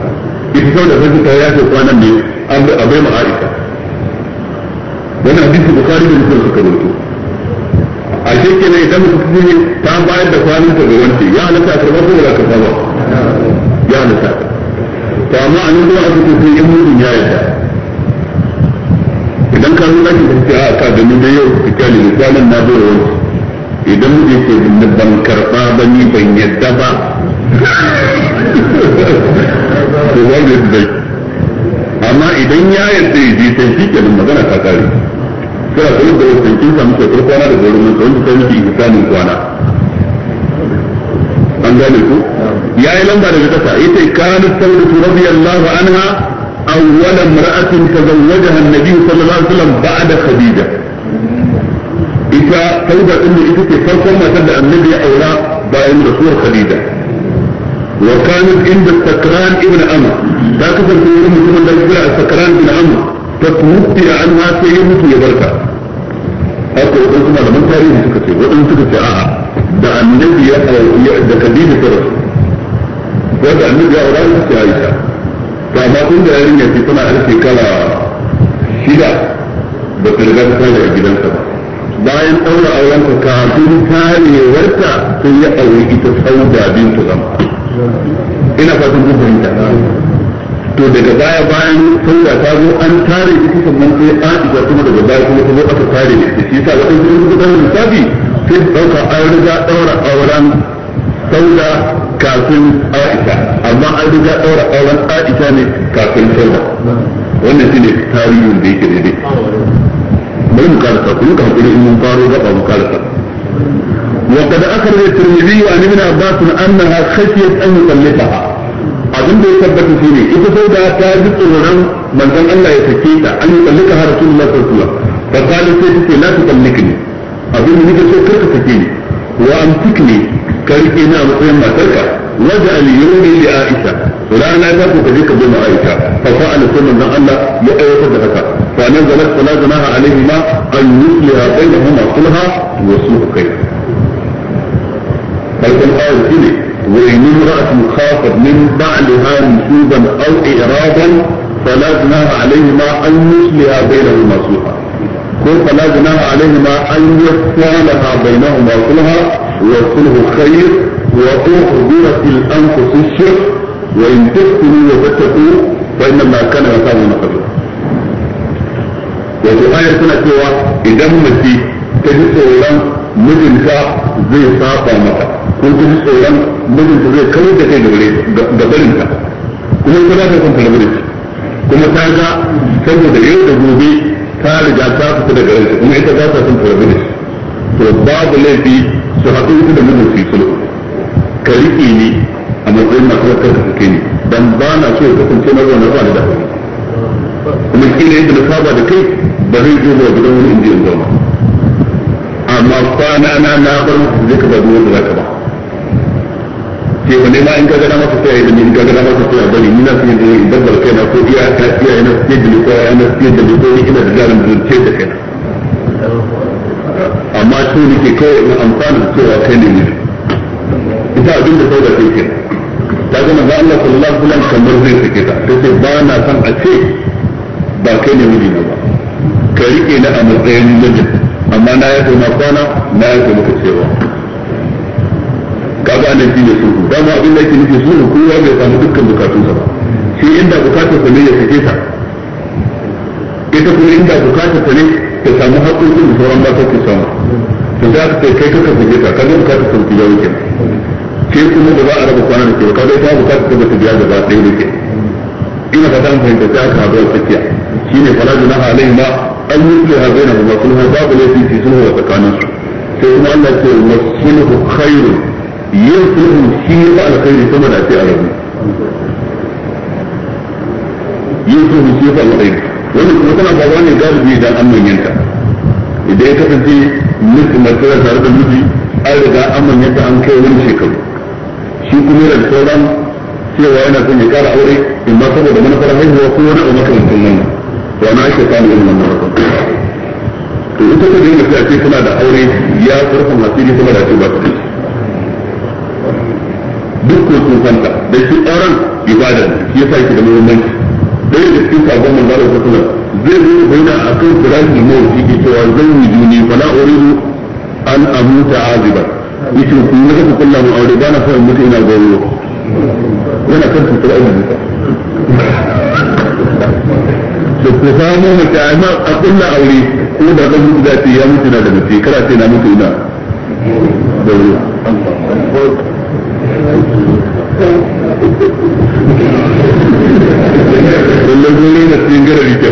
ita sauda ji ta yafe kwanan ne an bai ma Aisha wannan hadisi bukhari da muslim suka rubuto a shekke ne idan mutum ne ta bayar da kwanan ta ga wanci ya halatta a karɓar kuma da ka saba ya halatta to amma a nan zuwa a cikin sai in mutum ya yarda idan ka zo zaki kace a ka da mun da yau kyali ne kwanan na bai wani idan mutum ke da ban karɓa ba ni ban yadda ba to wanda zai amma idan ya yarda ya je sai shi kenan magana ta kare shekara ta yadda wata kin samu shekar kwana da gori mai wanda ta miki ihsanin kwana an gane ku ya yi lamba daga kasa ita kanat sauratu radiyallahu anha awwala imra'atin tazawwajaha an-nabi sallallahu alaihi wasallam ba'da khadija ita sauda din ita ce farkon matar da annabi ya aura bayan rasuwar khadija وكانت عند السكران ابن عمر ذاك الزمن يقول مثل ذلك السكران ابن عمر فتوفي عنها سيموت يبركها haka wajen suna da tarihi suka ce wajen suka ce a'a da annabi ya da kadija ta rasu ko da annabi ya aura ta aisha to amma kun da yarinya ce tana yar shekara shida ba ta riga ta tare a gidansa ba bayan ɗaura auren ta kafin tarewarta sai ya aure ita sauda bintu zama ina fatan kun fahimta to daga baya bayan sauya ta zo an tare da shi sannan sai Aisha kuma daga baya kuma ta zo aka tare da shi shi yasa waɗansu sun gudan lissafi sai su ɗauka an riga ɗaura auren sauya kafin Aisha amma an riga ɗaura auren Aisha ne kafin sauya wannan shine tarihin da yake daidai bari mu karasa ku ka hakuri in mun faro gaba mu karasa وقد أخرج الترمذي عن ابن عباس أنها خشيت أن يطلقها abin da ya tabbata shi ne ita sai da ta ji tsoron manzon Allah ya sake ta an yi tsallaka har Rasulullah sallallahu alaihi wasallam ta kana sai ta ce la ta tsallaka abin da nake so karka sake ni wa amtik ni ka rike ni a matsayin matarka waja al yawmi da Aisha rana ta ko kaje ka bi ma Aisha fa ala sai manzon Allah ya aiwatar da haka fa nan zalat fala gunaha alaihima an yusliha bainahuma sulha wa su'a khair farkon ayar shi ne وإن امرأة خافت من بعلها نشوزا أو إعراضا فلا جناح عليهما أن يصلح بينهما صلحا فلا جناح عليهما أن يصلح بينهما صلحا والصلح خير وأحضرت الأنفس الشر وإن تحسنوا وتتقوا فإنما كان يصابون نقدا. وفي آية سنة إذا idan تجد ta ji zai saba mata ko ta ji tsoron mijinta zai kawo da kai da barin ka kuma ka zaka ta kwanta da barinta kuma ka ga saboda yau da gobe ka riga ka fita daga ranta kuma ita za ta kwanta da barinta to babu laifi su haɗu ku da mijin su yi sulhu ka riƙe ni a matsayin masu wakar da kake ni dan ba na so ya kasance na zuwa na ba da kuma kila yadda na saba da kai ba zai zo ba gidan wani inji in zama amma kwana na na bar musu zai ka zaɓi wanda za ba ke wane ma in ka gana masa sai a yi in ka gana masa sai a bari ni na fiye da yi dabbar kaina ko iya ta iya yana fiye da ni ko yana fiye da ni ko ina da jarin da zai da kaina amma su ne ke kawai na amfani cewa kai ne ne ita abin da sau da kai ke ta zama ga Allah sallallahu alaihi wasallam kamar zai sake ta sai ce ba na san a ce ba kai ne miji ba ka rike na a matsayin mijin amma na yi ma kwana na yi kuma cewa kaga nan shine sulhu dama abin da yake nufi sulhu kowa bai samu dukkan bukatunsa ba shi inda bukatar sa ne ya sake ta ita kuma inda bukatar ta ne ta samu haƙoƙin da sauran ba ta samu to za ka kai kai kaka sake ta kaga bukatar sulhu ya wuce ke kuma da za a raba kwana da ke kaga ita bukatar ta ba ta biya gaba ɗaya da ke ina ta amfani da ta aka haɗu a tsakiya shine fala junaha alaihi ma an yi sulhu ha bainahu ma sulhu babu laifi fi sulhu wa tsakanin su sai kuma Allah ce wa sulhu kairu yin sulhu shi ya fa alkhairi sama da ce a rabu yin sulhu shi ya fa alkhairi wannan kuma tana faruwa ne galibi idan an manyanta idan ya kasance miji mace tare da miji an riga an manyanta an kai wani shekaru shi kuma yana da sauran cewa yana son ya kara aure in ba saboda manufar haihuwa ko wani abu makamancin wannan wani ake samun yin wannan to ita ta dinga sai a ce kuna da aure ya karfin asiri kuma da ce ba su duk ko sun fanta da shi auren ibada shi yasa yake da muhimmanci dai da cikin sabon manzara ta kuma zai zo bayyana akan firashi mai shi ke cewa zan yi duni fa na uridu an amuta aziba yace ku ne ka kulla mu aure ba na fara mutu ina goro yana kan fitar aure da ku samu mace a ma a kulla aure ko da kan mutu da ce ya mutu na da mace kada ce na mutu ina da wuri gole na cikin gara rike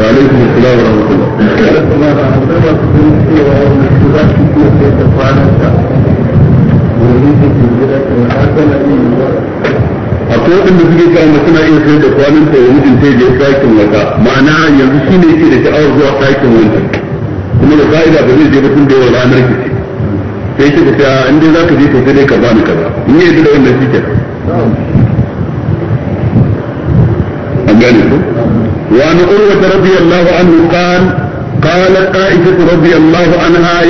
وعليكم السلام ورحمة الله. akwai waɗanda suke kawo da suna iya sayar da kwanan ta wa mijin sai je ɗakin wata ma'ana yanzu shi ne ke da sha'awar zuwa ɗakin wancan kuma da fa'ida ba zai je ba tun da yawa ranar ki sai ki ta in dai za ka je to sai dai ka bani kaza in yi da wannan shi ke an gane ko wa an urwa radiyallahu anhu qala قالت عائشة رضي الله عنها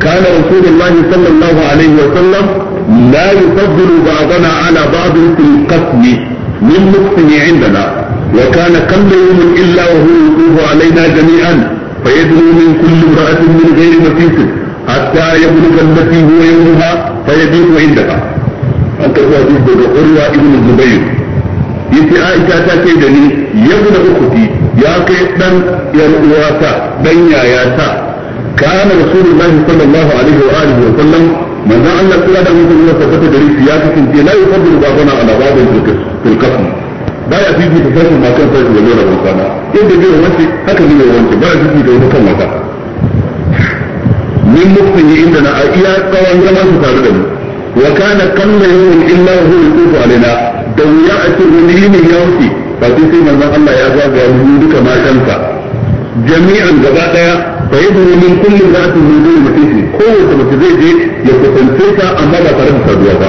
كان رسول الله صلى الله عليه وسلم لا يفضل بعضنا على بعض في القتل من مقسم عندنا وكان كم يوم إلا وهو يطوف علينا جميعا فيدنو من كل امرأة من غير مسيس حتى يبلغ التي هو يومها فيبيت عندك أنت حديث عروة ابن الزبير yace Aisha ta ce da ni yau da uku ya kai dan yar uwata dan yayata كان رسول الله صلى الله عليه وآله وسلم من ذا أن الصلاة مثل هو ثبت دليل سياسة لا يفضل بعضنا على بعض في القسم ba ya fifi ta fashin ma kan fashin wallo da wankana inda bai wance haka ne mai ba ya fifi da wani kan wata min muktin yi inda na a iya tsawon zama su da mu wa kana kamma yawon illa huwa yusufu alaina da wuya a ce wani ne ya wuce ba sai sai Allah ya zagaya mu duka matansa jami'an gaba ɗaya. fa yadhuru min kulli imra'atin min duni mutihi kowace mace zai je ya kusance ta amma ba tare da saduwa ba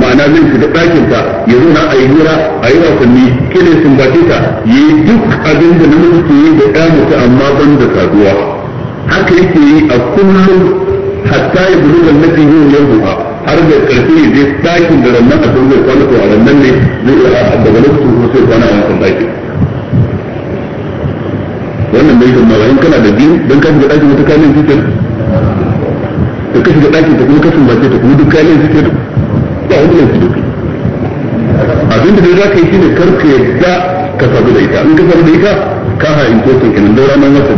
ma'ana zai shiga ɗakin ta ya zo na ayi hira yi wasanni kile sun bace ta yi duk abin da namiji ke yi da ɗa mace amma ban da saduwa haka yake yi a kullum hatta ya bulu da nafi yin yau har da karfi ya je ɗakin da rannan a zai kwana a rannan ne zai daga lokacin ko sai kwana a wancan ɗakin wannan bai kan mara in kana da biyu dan ka shiga ɗakin wata kayan fitar da ka shiga ɗakin ta kuma ka sumbace ta kuma duk kayan fitar ba wani ne su abin da dai za ka yi shine kar ka yadda ka sabu da ita in ka sabu da ita ka hain ko kan kenan daura nan wata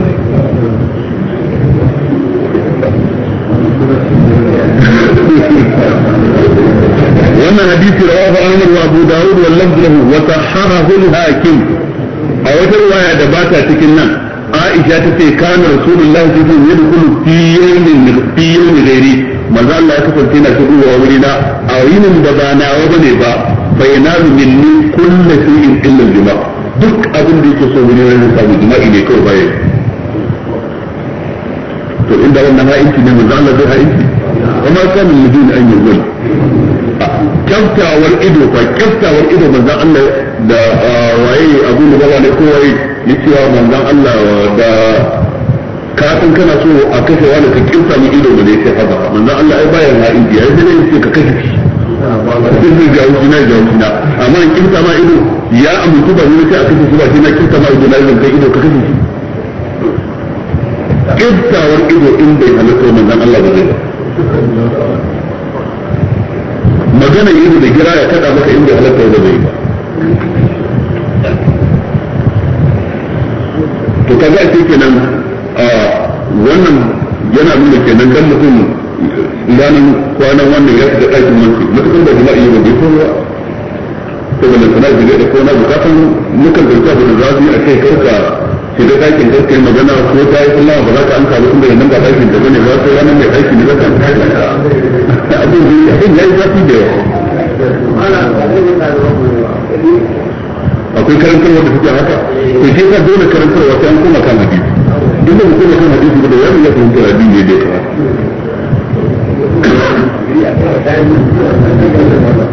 wannan hadisi rawahu Ahmad wa Abu Dawud wal lafz lahu wa sahahahu al-Hakim a wata riwaya da ba ta cikin nan aisha ta ce kana rasulullahi ta ce yadda kullu fi yawmin fi gairi manzo Allah ya kasance na shigowa wuri na a yinin da ba nawa bane ba ni kulle su shay'in illa jima duk abin da yake so wuri ne samu jima'i ne kawai baya to inda wannan ha'inci ne manzo Allah zai ha'inci amma kan mujin an yi wani. kyaftawar ido fa kyaftawar ido maza Allah da waye abu da bala ne ya wa manzan Allah da ka san kana so a kashe wani ka kirta ni ido da ya ce haka manzan Allah ai bayan ha indiya ya zai ce ka kashe shi sun ga wani na ga wani amma in kirta ma ido ya amintu ba ni sai a kashe shi ba sai na kirta ma ido na ido kai ido ka kashe shi kirtawar ido in bai halatta manzan Allah ba zai magana ido da gira ya kada maka in bai halatta ba zai ba to kaga a cikin nan a wannan yana nuna kenan dan mutum ganin kwanan wannan ya shiga ɗakin mulki matukan da kuma iya bai ko ruwa to da lantana ji da kona bukatan mukan da abu da zabi a kai karka da ɗakin da kai magana ko ta yi sallama ba za ka an kawo tunda nan ba ɗakin da bane ba ko wannan mai ɗakin ne za ka abin ya yayi zafi da yawa akwai karantarwa da suke haka to ke ka dole karantarwa sai an koma kan hadisi duk da mutum kan hadisi da ya ya fahimta addini ne da ka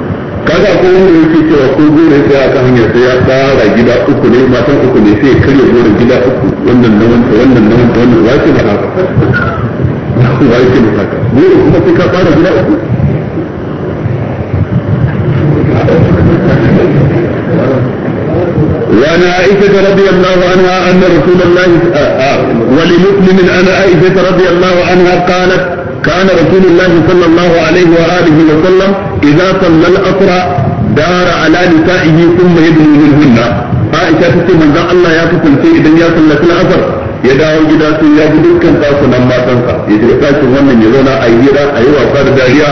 kaga ko wanda yake cewa ko gore sai a kan hanyar sai ya tsara gida uku ne matan uku ne sai ya karya gore gida uku wannan na wanda wannan na wanda wannan wace na haka wace na haka gore kuma sai ka tsara gida uku وعن عائشة رضي الله عنها أن رسول الله ولمسلم عن عائشة رضي الله عنها قالت كان رسول الله صلى الله عليه وآله وسلم إذا صلى الأسرى دار على نسائه ثم يدنو منهن عائشة تسي من ذا الله يكفل في إذن يا صلى الأسر ya dawo gida sai ya bi dukkan tasu nan matansa ya je ɗakin wannan ya zauna a yi hira a yi wasa da dariya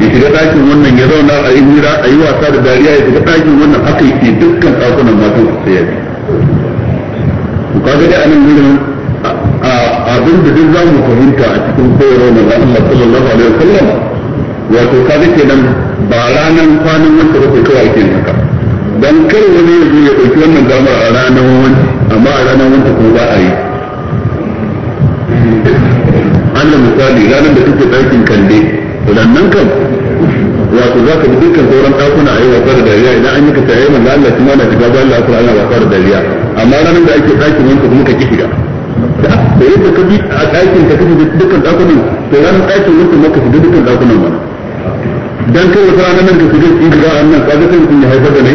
ya shiga ɗakin wannan ya zauna a yi hira a yi wasa da dariya ya shiga ɗakin wannan haka yake dukkan ɗakunan matan su sai ya bi ku kaga dai anan wurin abin da duk za mu fahimta a cikin na manzon Allah sallallahu alaihi sallam wato kaga kenan ba ranar kwanan wanda ba kawai ke haka dan kar wani ya zo ya ɗauki wannan damar a ranar wani amma a ranar wani kuma ba a yi da misali ranar da kuke ɗakin kande wannan kan wato za ka bi dukkan sauran ɗakuna a yi wasa da dariya idan an yi ka tsaye manzo Allah kuma na shiga bayan lafiya ana wasa da dariya amma ranar da ake ɗakin wanka kuma ka ki shiga da yadda ka bi a ɗakin ka kashi dukkan ɗakunan to ranar ɗakin wanka ma ka shiga dukkan ɗakunan ma dan kai wata ranar nan ka shiga in shiga a nan ka ga sai mutum ya haifar da ne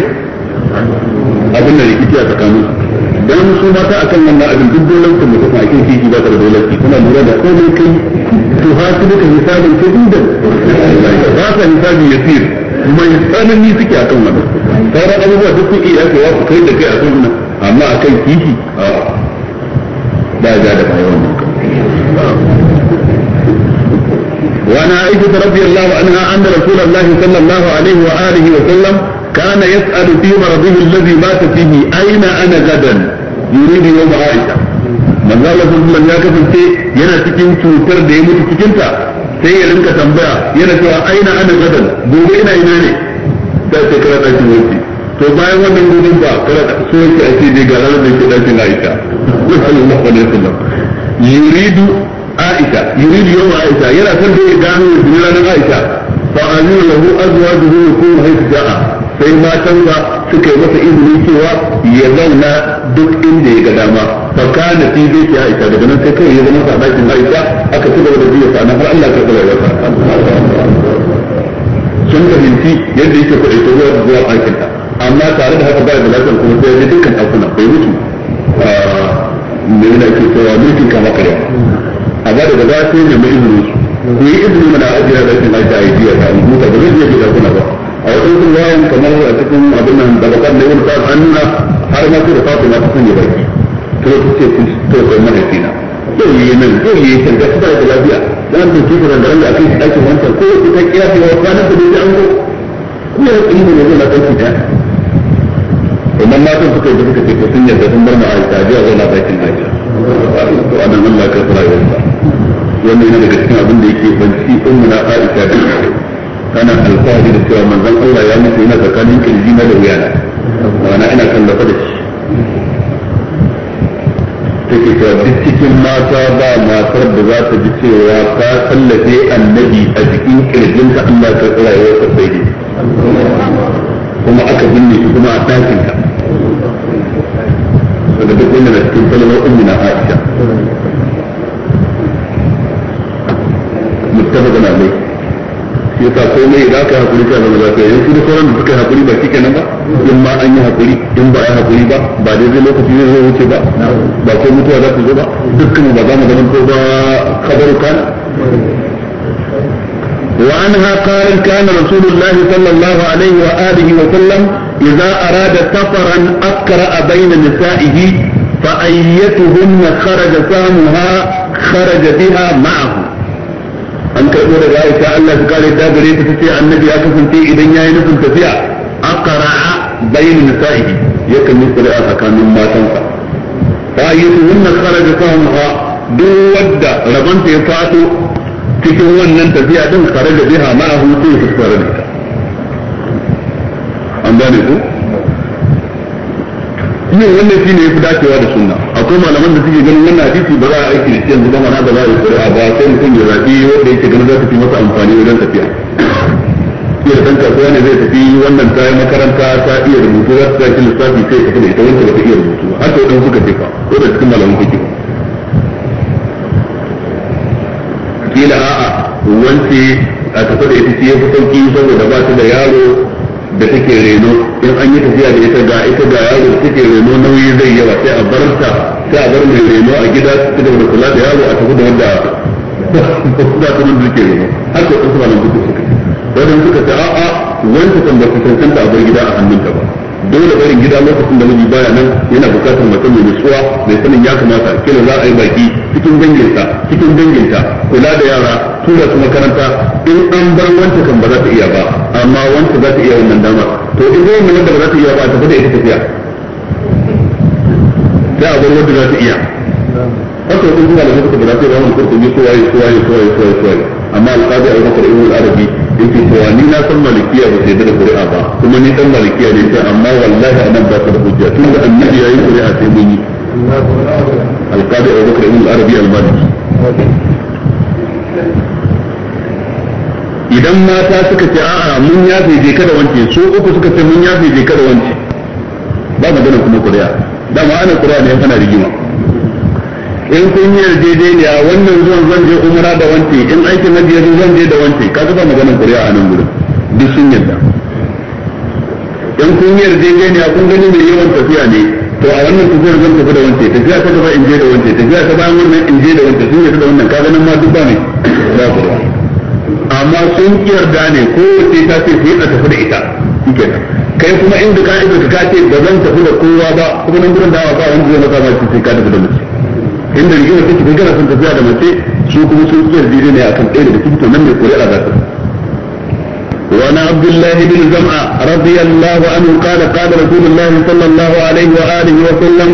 abin da rikici a tsakaninsu dan su ta akan wannan abin duk dole ka mutu a ba ta da dole ki kuna lura da komai kai to ha su duka hisabin ta inda ba sa hisabin mai tsanani suke akan wannan sauran abubuwa duk kuɗi ya kai ku kai da kai akan amma akan kiki a ba ja da bayan وعن عائشة رضي الله عنها أن رسول الله صلى الله عليه وآله وسلم كان يسأل في مرضه الذي مات فيه أين أنا غدا yuridu yawm aisha manzo Allah sallallahu ya kasance yana cikin cutar da ya mutu cikin ta sai ya rinka tambaya yana cewa aina ana gadan gobe ina ina ne da ta kira da shi wuce to bayan wannan gudun ba kira da so yake a ce ga ranar da ke cikin Aisha sallallahu alaihi wasallam yuridu Aisha yuridu yawm Aisha yana son da ya gano ranar Aisha fa azina lahu azwajuhu kullu haythu ja'a sai matan ba suka yi masa izini cewa ya zauna duk inda ya ga dama ka na fi baiti aisha daga nan sai kawai ya zama sa dakin aisha aka ci gaba da biya sa har Allah ya karɓa sun sun fahimci yadda yake kuɗi ta zuwa zuwa aikin ta amma tare da haka ba da lafiyar kuma sai ya dukkan ɗakunan bai mutu ah, me yana ke cewa mulkin kama karya a ba da gaba sai ya mai su ku yi izini mana ajiya dakin aisha a yi biya ta mutu ba zai iya bi ɗakuna ba a wasu sun kamar a cikin abin nan da bakar da yin wani an nuna har na tura fata na kusan ya barci to ya kuce kun tokon mahaifina yau yi nan yau yi can ga kusa da lafiya dan da kike da ran da ake aikin wancan ko ku ta kira ta wa kana da dai an ko ku ya yi ne ne na kanki ta idan ta suka yi suka ce ko sun yarda sun bar mu aisha biya zo na bakin aisha to anan Allah ka fara yau wannan yana daga cikin abin da yake banci ummu na aisha tana alfahari da cewa manzon Allah ya mutu yana tsakanin kirji na da wuyana ma'ana ina kan da shi take cewa duk cikin mata ba matar da za ta ji cewa ta tallafe annabi a cikin kirjinta Allah ta ta kuma aka binne shi kuma a daga duk wanda na cikin sallar shi yasa komai idan aka hakuri ta zama lafiya yanzu da sauran da suka hakuri ba shi kenan ba in ma an yi hakuri in ba a yi hakuri ba ba dai zai lokaci zai zai wuce ba ba ko mutuwa za ta zo ba dukkan ba za mu zama ko ba kabaru kana وعنها قال كان رسول الله صلى الله عليه وآله وسلم إذا أراد سفرا أقرأ بين نسائه فأيتهن خرج سامها خرج بها معه an karɓo daga Aisha Allah su kare ta gare ta tace annabi ya kasance idan yayi nufin tafiya aqra'a bayna nisa'ihi yakan yi qira'a tsakanin matansa fa yuhunna kharaja fahumha duk wadda rabanta ya fado cikin wannan tafiya din kare biha ma'ahu sai su tsare da an gane ku yin wannan shine fi dacewa da sunna akwai malaman da suke ganin wannan hadisi ba za a aiki da shi yanzu ba mana ba za a yi ba sai mutum ya zaɓi wanda yake ganin za su fi masa amfani wajen tafiya iya san kasuwa ne zai tafi wannan ta makaranta ta iya rubutu za su tafi lissafi sai tafi da ita wanda ba ta iya rubutu har sai dan suka jefa ko da cikin malaman kuke kila a'a wance a tafi da ita ce ya fi sauki saboda ba ta da yaro da take reno in an yi tafiya da ita ga ita ga yaro da take reno nauyi zai yawa sai a bar ta sai a bar mai reno a gida su da wani kula da yaro a tafi da wanda za ta mun duke reno har da wasu malam duka suka wani suka ce a'a wanda kan ba su cancanta a bar gida a hannunta ba dole barin gida lokacin da miji baya nan yana bukatar mutum mai nutsuwa mai sanin ya kamata kila za a yi baki cikin danginta cikin danginta kula da yara tura su makaranta in an bar wancan kan ba za ta iya ba amma wanda za ta iya wannan dama to in zai mun da ba za ta iya ba ta bude ita tafiya sai a bar wanda za ta iya haka wajen zuwa da suka guda sai rawar kurkumi ko waye ko waye ko waye ko waye ko waye amma alƙazi a bakar ibn al-arabi yake cewa ni na san malikiya ba sai da ƙuri'a ba kuma ni san malikiya ne sai amma wallahi anan ba ta da hujja tun da annabi yayi ƙuri'a sai mun yi alƙazi a bakar ibn al-arabi al-maliki idan mata suka ce a'a mun yafe je kada wance su uku suka ce mun yafe je kada wance ba magana kuma ƙuri'a dama ana kura ne ana rigima in kun yi a wannan zuwan zan je umara da wance in aikin na biyar zan je da wance kaga ba magana kuriya a nan gurin duk sun yadda in kun yi a kun gani mai yawan tafiya ne to a wannan tafiyar zan tafi da wance tafiya ta gaba in je da wance tafiya ta bayan wannan in je da wanke sun yadda da wannan kaga nan ma duk ba ne ba kuriya amma sun yarda ne ko sai ta ce sai a tafi da ita shikenan kai kuma inda ka ido ka ce ba zan tafi da kowa ba kuma nan gurin dawa ba wanda zai maka mace sai ka tafi da mace inda rigima take kun kana tafiya da mace su kuma sun yarda ne akan ɗaya daga cikin nan ne kuri'a za ta وعن عبد الله بن زمعة رضي الله عنه قال قال رسول الله صلى الله عليه وآله وسلم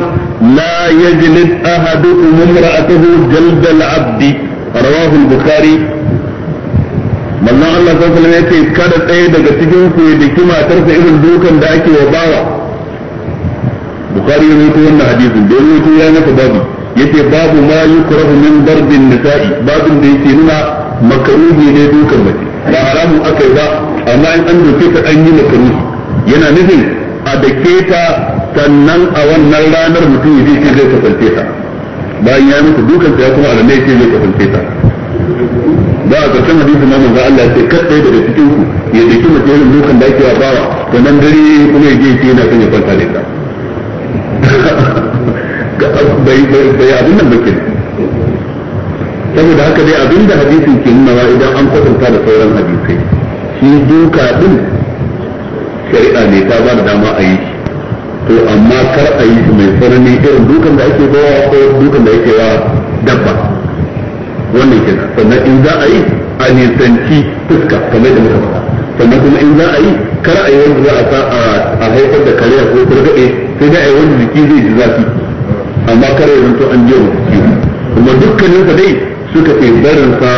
لا يجلد أحدكم امرأته جلد العبد رواه البخاري manzon Allah sallallahu alaihi yace kada tsaye daga cikin ku da kima tarsa irin dukan da ake wa bawa bukhari ya rawaito wannan hadisin da rawaito ya nufa babu yace babu ma yukrahu min darbin nisa'i babin da yake nuna makaruhi ne dukan mace ba haramun akai ba amma in an doke ta an yi makaruhi yana nufin a dake ta sannan a wannan ranar mutum ya ce zai kasance ta bayan ya nufa dukan ya kuma alamai ce zai kasance ta ba a karshen hadisin na manzo Allah ya ce kadai daga cikin ku ya dake mace irin dukan da ake bawa to nan dare kuma ya je ki yana son ya kwanta da ita bai bai abin nan bakin saboda haka dai abin da hadisin ke nuna idan an kwatanta da sauran hadisai shi duka din shari'a ne ta ba da dama a yi to amma kar a yi mai tsanani irin dukan da ake bawa ko dukan da ake wa dabba wannan kenan sannan in za a yi a nisanci fuska kamar da muka faɗa sannan kuma in za a yi kar a yi wanda za a sa a haifar da kariya ko turgaɗe sai dai a yi wanda jiki zai ji zafi amma kar ya zanto an jiya jiki kuma dukkanin sa dai suka ce barin sa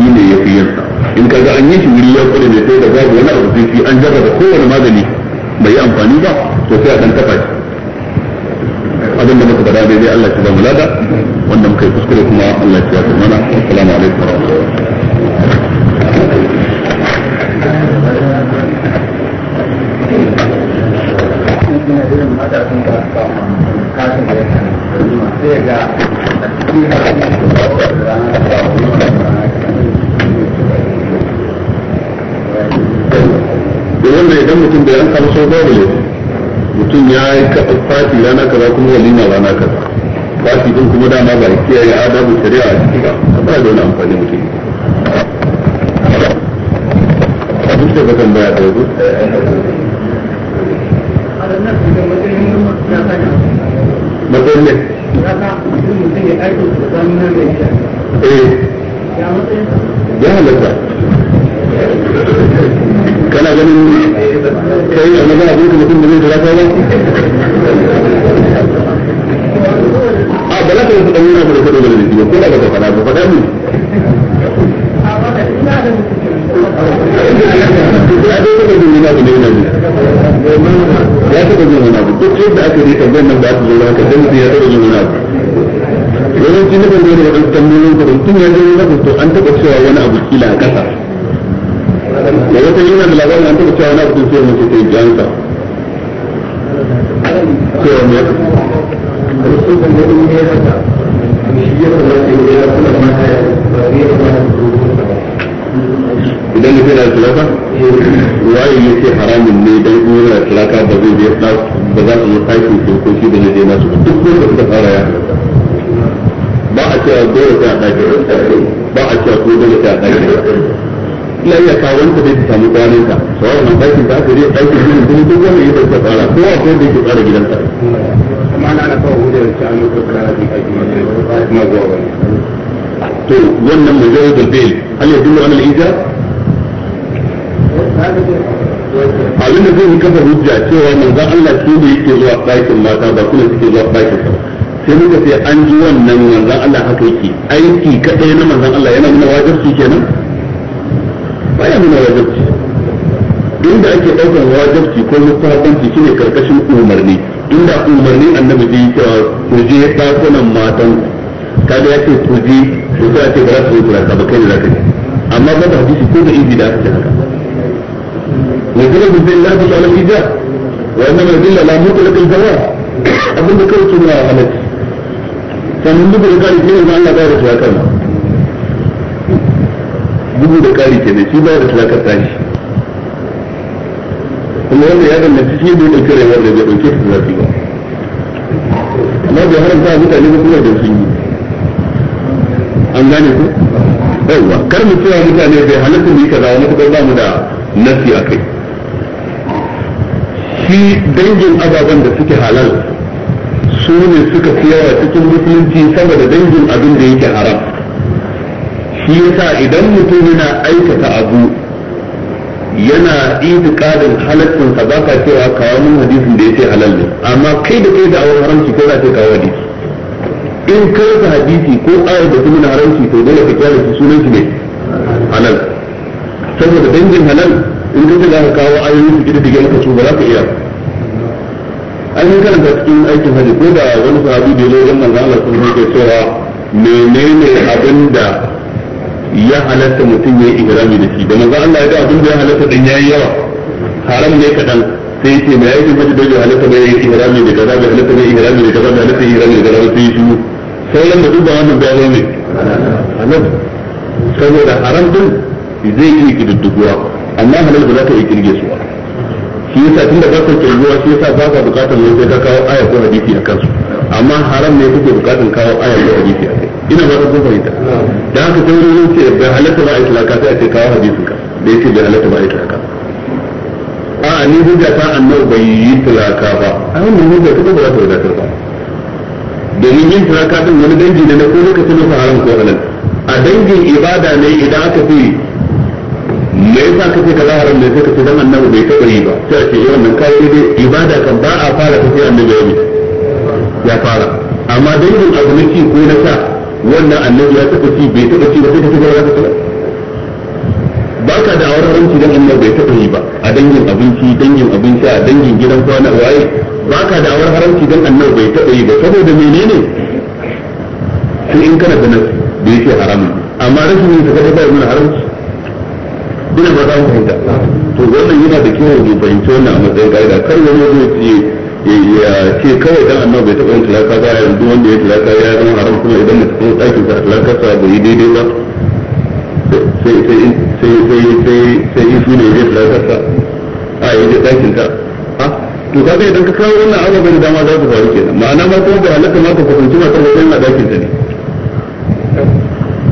ne yafi fi yansa in ga an yi shi wuri ya kula ne sai da babu wani abu sai an jarraba kowane magani bai yi amfani ba to sai a dan tafa shi abin da muka bada daidai Allah ya ba mu lada wanda muka yi kuskure kuma Allah ya tsaya mana assalamu alaikum wa rahmatullahi suna irin matasan da aka kashin da ya kan sai ga da wanda idan mutum bai an samu sau babu ne mutum ya yi fati rana kaza kuma walima rana kaza fati din kuma dama ba kiyaye adabu shari'a a ciki ba ba da wani amfani mutum duk da bakan baya da yanzu matsayin ne eh. ya halatta kana ganin kai a magana gudu mutum da zai talaka ba a ba za ka yi kuɗin yana kuɗin kuɗin da zai ko ba ka faɗa ba faɗa mu ya taɓa jin wani abu duk yadda aka yi tambayar nan da aka zo haka dan ya taɓa jin wani abu yawanci na kan zo waɗansu tambayoyin kuɗin tun ya zo na to an taɓa cewa wani abu kila a ƙasa da wata yana da labarin an taɓa cewa na fito sai mace ta yi jansa cewa me idan mutum yana talaka waye ne ke haramin ne dan in yana talaka ba zai je ba za su yi aikin dokoki da na je nasu duk ko da suka fara ya ba a cewa dole ta ɗaki ba a cewa ko dole ta ɗaki ila iya kawon ta bai ta samu kwanan ta sawa na ɗakin ta aka je ɗakin ginin kuma duk wanda ya ta tsara ko a kai da yake tsara gidansa ma'ana na kawo wuce da shanu yi kara da aiki ma zuwa to wannan mujarrad al-bayl hal yadullu ala al-ijab abin da zai yi kafa hujja cewa manzon Allah shi ne yake zuwa ɗakin mata ba kuma suke zuwa ɗakin sa sai muka ce an ji wannan manzon Allah haka yake aiki kaɗai na manzon Allah yana nuna wajibi kenan baya nuna wajabci inda ake daukan wajabci ko mustahabanci shine karkashin umarni inda umarni annabi zai yi cewa ku je ɗakunan matan kada ya ce ku je ku sa ce ba za kula ka bakai da kai amma ba da hadisi ko da izi da aka ce haka وكل بالله لا تسأل الإجابة وإنما الذلة لا مطلق الجواب abin da kai kuma halatta sannan duk da kare shi ne Allah ya ba da shi kan dubu da ƙari da shi ba da sadakar tashi kuma wanda ya danganci shi da ɗauki wanda da bai ɗauke su zafi ba amma bai ta mutane ba kuma da sun yi an gane ku yawwa kar mu cewa mutane bai halatta mu yi kaza wani kuma ba mu da nasi a kai shi dangin ababen da suke halal su ne suka fi yawa cikin musulunci da dangin abin da yake haram shi yasa idan mutum yana aikata abu yana itikadin halaccin sa ba ka cewa kawo mun hadisin da yake halal ne amma kai da kai da awon haramci ko za ka kawo hadisi in kai ka hadisi ko ayar da kuma haramci to dole ka kyale su sunan shi ne halal saboda dangin halal in ka shiga ka kawo ayoyin su kidi dige ka su ba za ka iya an yi karanta cikin aikin hajji ko da wani sahabi da ya zo wajen manzon Allah sun ce cewa menene abin da ya halatta mutum ya yi ihrami da shi da manzo Allah ya ga abin da ya halatta din yayi yawa haram ne kadan sai ce mai yake mutum da ya halatta bai yi ihrami da kaza da halatta bai ihrami da kaza da halatta ihrami da kaza sai shi sai lamba duk ba wannan bayanai ne halal saboda haram din zai yi kididduguwa amma halal ba za ka yi kirge su shi yasa tunda ba ka kirguwa shi yasa ba ka bukatar wani sai ka kawo aya ko hadisi a kansu amma haram ne kuke bukatar kawo aya ko hadisi a kai ina ba ka fahimta da haka sai wani ce bai halatta ba a itlaka sai a ce kawo hadisin ka da yake bai halatta ba a itlaka a ni hujja ta annabi bai yi tilaka ba a wannan hujja ta ba za ta wadatar ba domin yin tilaka din wani dangi ne na ko lokacin da haram ko halal a dangin ibada ne idan aka fi me yasa ka ce kaza haram ne sai ka ce dan annabi bai ka yi ba sai a ce yawan eh, nan kai dai ibada kan ba a fara ta sai annabi ya ya fara amma dangin abu ne ci ko na sa wannan annabi ya taɓa ci bai taɓa ci ba sai ka shiga ya taɓa ba ka da awar haramci dan annabi bai taɓa yi ba a dangin abinci dangin abinci a dangin gidan kwana waye ba ka da awar haramci dan annabi bai taɓa yi ba saboda menene sai in kana da nan bai ce haramun amma rashin yin ta kada ba yana haramci dina ba za mu fahimta to wannan yana da kyau mu fahimci wannan a matsayin ka'ida kar wani zai ce ya ce kawai dan annabi bai taɓa yin talaka ba yanzu wanda ya talaka kuma idan mutum kuma sa talaka sa bai yi sai sai sai sai sai isu sa a da dama faru ma kuma ma ɗakin ta ne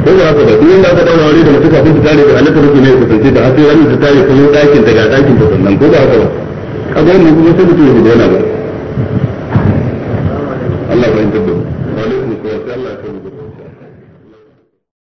ko ba haka ba duk wanda aka daura wani da mutum kafin ta tare da halatta ba ne ya kusance ta har sai ta tare kuma ɗakin ta ga ɗakin ta sannan ko ba haka ba kaga wannan kuma sai mutum ya gudu wani ba Allah ya fahimtar